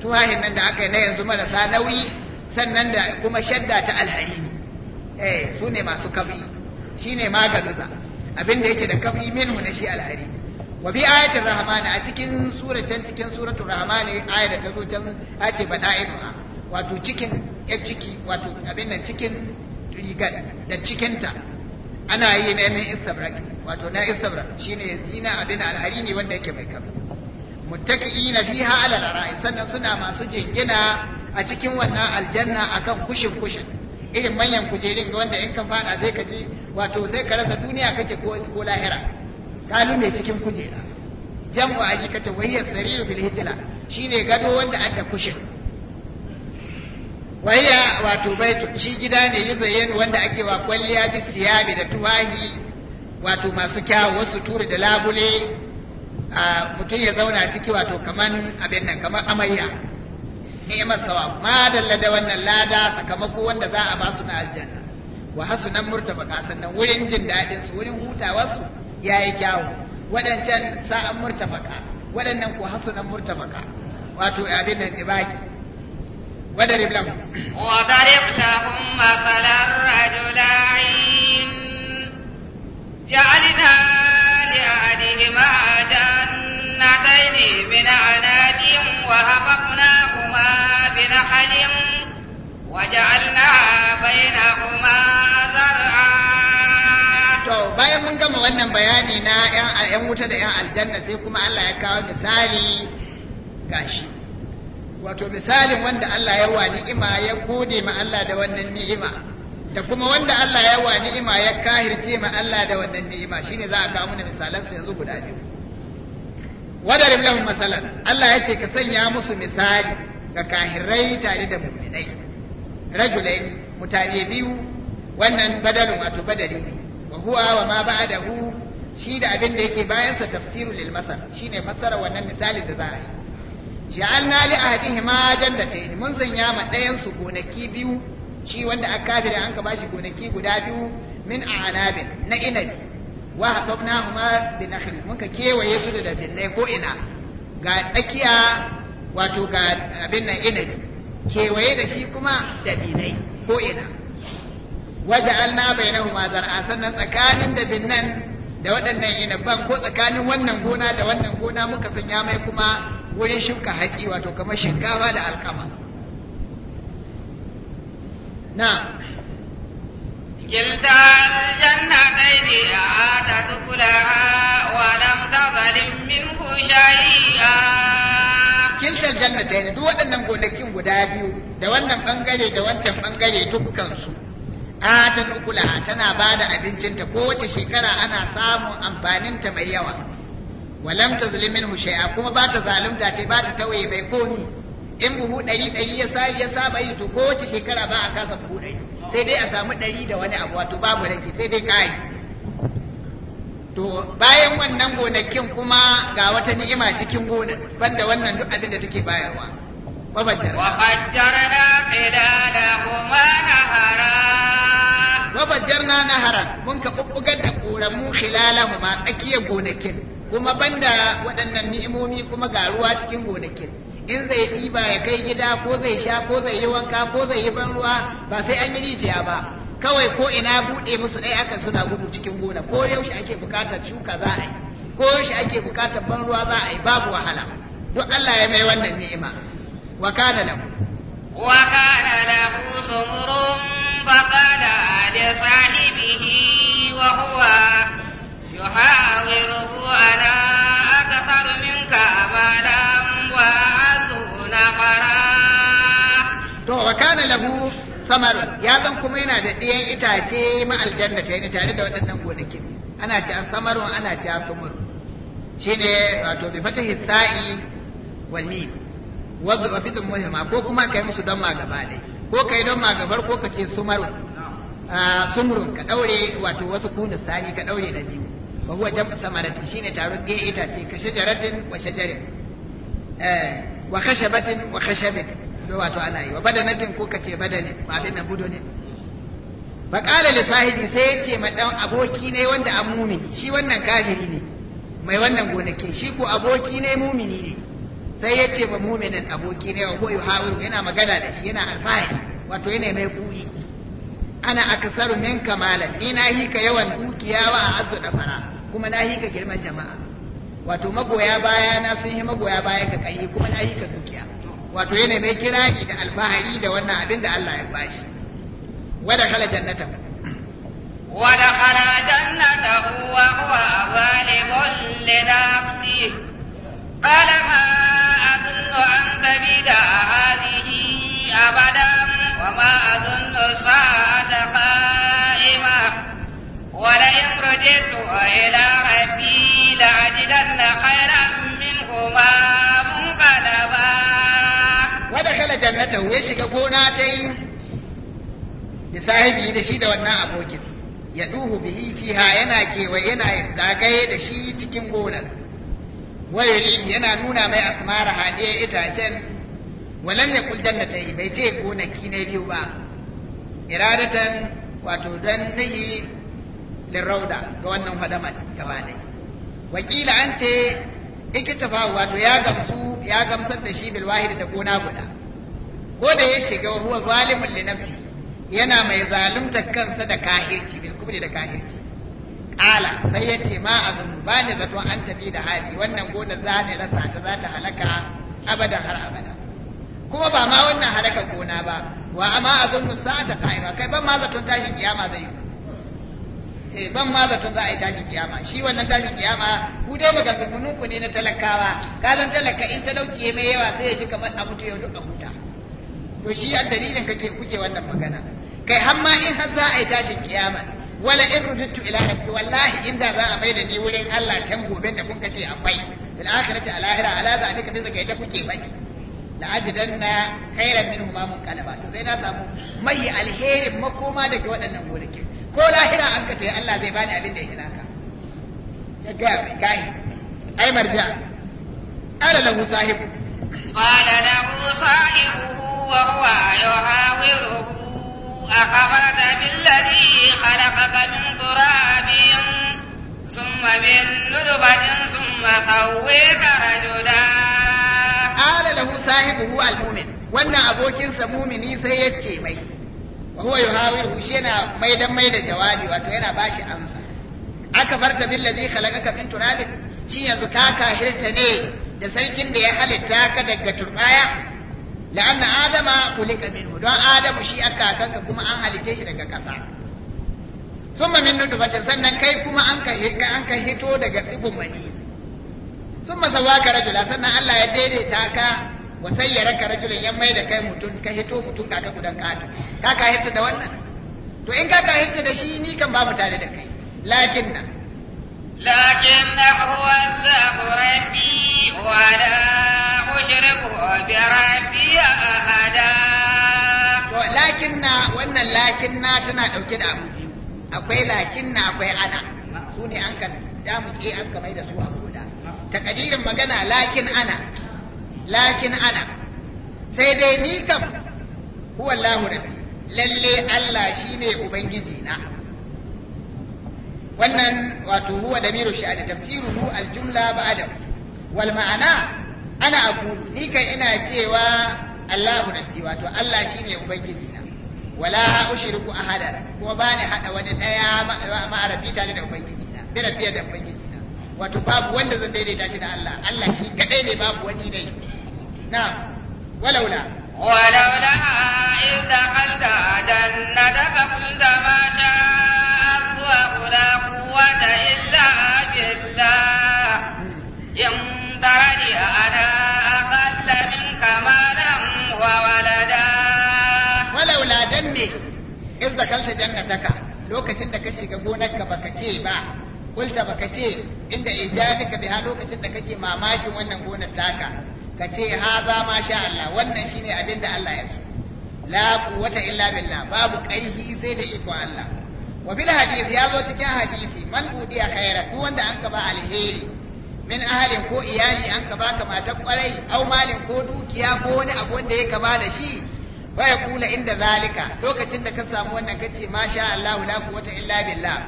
tuwahin nan da aka yi na yanzu marasa nauyi sannan da kuma shadda ta ne eh su ne masu kabri shi ne magaluza abin da yake da kabri mu na shi alhari wa bi ayatul rahman a cikin sura can cikin suratul rahman aya da ta zo can a ce bada'inuha wato cikin ya ciki wato abin nan cikin rigar da cikinta ana yi na min wato na istabrak shine zina abin alhari ne wanda yake mai kabri muttaqi'ina fiha ala al-ara'ik sannan suna masu jingina a cikin wannan aljanna akan kushin kushin irin manyan kujerin wanda in ka fada sai ka wato sai ka rasa duniya kake ko ko lahira kalu mai cikin kujera jam'u arikata wa hiya sariru bil hijla shine gado wanda adda kushin wa wato baitu shi gida ne yuzayyin wanda ake wa kwalliya bi siyabi da tuwahi wato masu kyawu wasu turi da labule mutum ya zauna ciki wato kaman abin nan kamar amarya masa wa ma dalla da wannan lada sakamako wanda za a ba su na aljanna wa hasunan murtafaka sannan wurin jin daɗin su wurin hutawar su yayi kyawu waɗancan sa'an murtafaka waɗannan ko hasunan murtafaka wato abin nan ibaki وضرب لهم وضرب لهم مثلا رجلين جعلنا لأحدهما جنتين من عناد وهفقناهما بنحل وجعلنا بينهما زرعا bayan mun gama wannan bayani na ‘yan wuta da ‘yan aljanna sai kuma Allah ya kawo misali gashi. Wato misalin wanda Allah ya wa ni'ima ya gode ma Allah da wannan ni'ima. da kuma wanda Allah ya wa ni'ima ya kahirce ma Allah da wannan ni'ima shine za a kawo mana misalan su yanzu guda biyu wadarib lahum masalan Allah ya ce ka sanya musu misali ga kahirai tare da mu'minai rajulaini mutane biyu wannan badalu wato badali ne wa huwa wa ma ba'dahu shi da abin da yake bayan sa tafsirul lil masal shine fassara wannan misalin da za a yi ja'alna li ahadihima jannatayn mun sanya ma ɗayan su gonaki biyu shi wanda aka kafira an ka bashi gonaki guda biyu min anabin na inabi wa hatabnahuma bi nakhl muka kewaye su da dabinnai ko ina ga tsakiya wato ga abin nan inabi kewaye da shi kuma dabinai ko ina na bainahuma zar'a sannan tsakanin dabinnan da waɗannan inabban ko tsakanin wannan gona da wannan gona muka sanya mai kuma wurin shuka hatsi wato kamar shinkafa da alkama نعم كلتا الجنتين آتت kiltar jannatai duk waɗannan gonakin guda biyu da wannan ɓangare da wancan ɓangare dukkansu a ta dukula tana ba da abincinta kowace shekara ana samun amfaninta mai yawa walam ta zulmin kuma ba ta zalunta ta ba ta tauye mai komi in buhu ɗari ɗari ya sa ya saba yi to kowace shekara ba a kasa buhu ɗari sai dai a samu ɗari da wani abu wato babu rage sai dai kayi to bayan wannan gonakin kuma ga wata ni'ima cikin gonar banda wannan duk abin da take bayarwa nahara وفجرنا خلالهما نهرا وفجرنا نهرا من كببغد قورمو ma tsakiyar gonakin kuma banda waɗannan ni'imomi kuma ga ruwa cikin gonakin in zai ɗiba ya kai gida ko zai sha ko zai yi wanka ko zai yi ban ruwa ba sai an yi rijiya ba kawai ko ina buɗe musu ɗaya aka suna gudu cikin gona ko yaushe ake buƙatar shuka za a yi ko yaushe ake buƙatar ban ruwa za a yi babu wahala duk Allah ya mai wannan ni'ima wa kana lahu wa kana lahu sumurun fa kana li sahibihi wa huwa yuhawiruhu ana akasar minka amana wa kana lahu samar ya zan kuma yana da ɗiyan itace ma aljanna ta yi tare da waɗannan gonakin ana ci an samarun ana ci an shi ne wato bi fata hisa'i wal mim wa bidun muhimma ko kuma kai musu don ma gaba dai ko kai don ma gabar ko kace sumarun sumrun ka ɗaure wato wasu kuna sani ka daure da biyu wa huwa jam'u samaratin shine taron ge itace ka shajaratin wa shajarin eh wa khashabatin wa khashabin wato ana yi wa badanatin ko kace badanin abin na budo ne faƙala da sahibi sai ya ce ɗan aboki ne wanda an mumini shi wannan kafiri ne mai wannan gonakin shi ko aboki ne mumini ne sai ya ce ma muminin aboki ne wa boyu hauru yana magana da shi yana alfahari wato yana mai kuri ana aksaru min kamalan ni na ka yawan dukiya wa azu da fara kuma na ka girman jama'a wato magoya baya na sun yi magoya baya ga kai kuma na ka dukiya wato yana mai kirari da alfahari da wannan abin da Allah ya bashi wada kala jannata wada kala jannata huwa huwa zalimun li nafsi qala ma azunnu an tabida hadhihi abadan wa ma azunnu sa'ata qa'ima wa la yamrujitu ila rabbi la ajidanna khayran minhuma munqalaba dakala jannata ya shiga gona ta yi bi sahibi da shi da wannan abokin ya duhu bihi fiha yana kewaye yana zagaye da shi cikin gonar wayuri yana nuna mai asmara can itacen walam kul jannata bai ce gonaki na biyu ba iradatan wato don nihi Rauda, ga wannan hadamar gaba ɗaya wakila an ce ikitafa wato ya gamsu ya gamsar da shi bil da gona guda ko da ya shiga huwa zalimin li nafsi yana mai zaluntar kansa da kahirci bil kubri da kahirci qala sai yace ma azun ba zato an tafi da hali wannan gona za ni rasa ta za ta halaka abadan har abada kuma ba ma wannan halaka gona ba wa amma azun sa'ata qa'ima kai ban ma zaton tashin kiyama zai eh ban ma zato za a yi tashin kiyama shi wannan tashin kiyama ku dai maganganun ku ne na talakawa ka zan talaka in ta dauke mai yawa sai ya ji kamar a mutu yau duk a huta to shi a dalilin kake kuke wannan magana kai har ma in har za a yi tashin kiyama wala in rudittu ila rabbi wallahi inda za a mai da ni wurin Allah can gobe da kun kace akwai fil akhirati al akhirah ala zalika zaka kai ta kuke baki la ajidanna khairan min ma mun munqalaba to sai na samu mai alherin makoma daga waɗannan gonakin ko lahira an kace Allah zai bani abin da ya naka ya ga mai gahi ai marja ala lahu sahibu قال له صاحبه وهو يحاوره أخبرت بالذي خلقك من تراب ثم من نطفة ثم سويك رجلا قال له صاحبه المؤمن wannan abokinsa mumini sai ya ce mai wa huwa yuhawiru shi yana mai dan mai da jawabi wato yana bashi amsa aka farta billazi khalaqaka min turabin shi yanzu ka kahirta ne da sarkin da ya halitta ka daga turbaya la'anna adama kulika minhu don adamu shi aka kanka kuma an halice shi daga ƙasa summa min nutfatin sannan kai kuma an ka an ka hito daga digon mani summa sawaka rajula sannan Allah ya daidaita ka wa sayyaraka rajulan ya mai da kai mutum ka hito mutum ka ka gudan katu ka ka hito da wannan to in ka ka hito da shi ni kan ba mutane da kai lakin nan لكنه عذاب ربي ولا أشرك بربي أحدا لكن wannan lakin na tana ɗauke da abu biyu akwai lakin na akwai ana su ne an ka damuke an ka mai da su abu guda takadirin magana lakin ana lakin ana sai dai ni kam huwallahu rabbi lalle Allah shine ubangiji na wannan wato huwa da sha'ani tafsiruhu aljumla ba'da wal ma'ana ana abu. ni kai ina cewa Allahu rabbi wato Allah shine ubangiji na wala ushriku ahada kuma ba ni hada wani daya ma'arabi tare da ubangiji na bi rabbi da ubangiji na wato babu wanda zan daidaita shi da Allah Allah shi kadai ne babu wani dai na'am walaula ولولا إذ دخلت جنتك قلت ما شاء حول ولا قوة إلا بالله إن ترني أنا أقل منك مالا وولدا ولولا دمي إذ دخلت جنتك lokacin da ka shiga gonarka baka ce ba kulta baka ce inda ijabika biha lokacin da kake mamakin wannan gonar taka ka ce haza ma sha Allah wannan shine abin da Allah ya so la quwwata illa billah babu ƙarfi sai da ikon Allah wa fil ya zo cikin hadisi man udiya khairan wanda an ka ba alheri min ahalin ko iyali an ka baka matar kwarai au malin ko dukiya ko wani abu wanda ya kama da shi fa kula inda zalika lokacin da ka samu wannan kace masha Allah la quwwata illa billah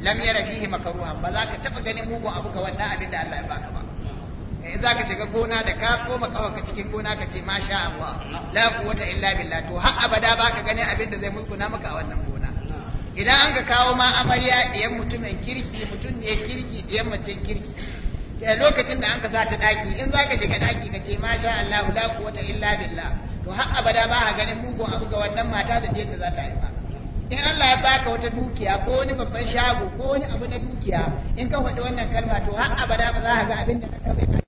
lam yara fihi makruha ba za ka taba ganin mugun abu ga wannan abin Allah ya baka ba in eh, za ka shiga gona da ka tsoma kawanka cikin gona ka ce masha Allah illa to har abada baka ganin abinda zai musguna maka a wannan idan an ka kawo ma amarya ɗiyan mutumin kirki mutum ne kirki ɗiyan mutum kirki da lokacin da an ka ta ɗaki in za ka shiga ɗaki ka ce masha Allah la quwwata illa billah to har abada ba a ganin mugun abu ga wannan mata da ɗiyan da za ta ba in Allah ya baka wata dukiya ko wani babban shago ko wani abu na dukiya in ka faɗi wannan kalma to har abada ba za ka ga abin da ka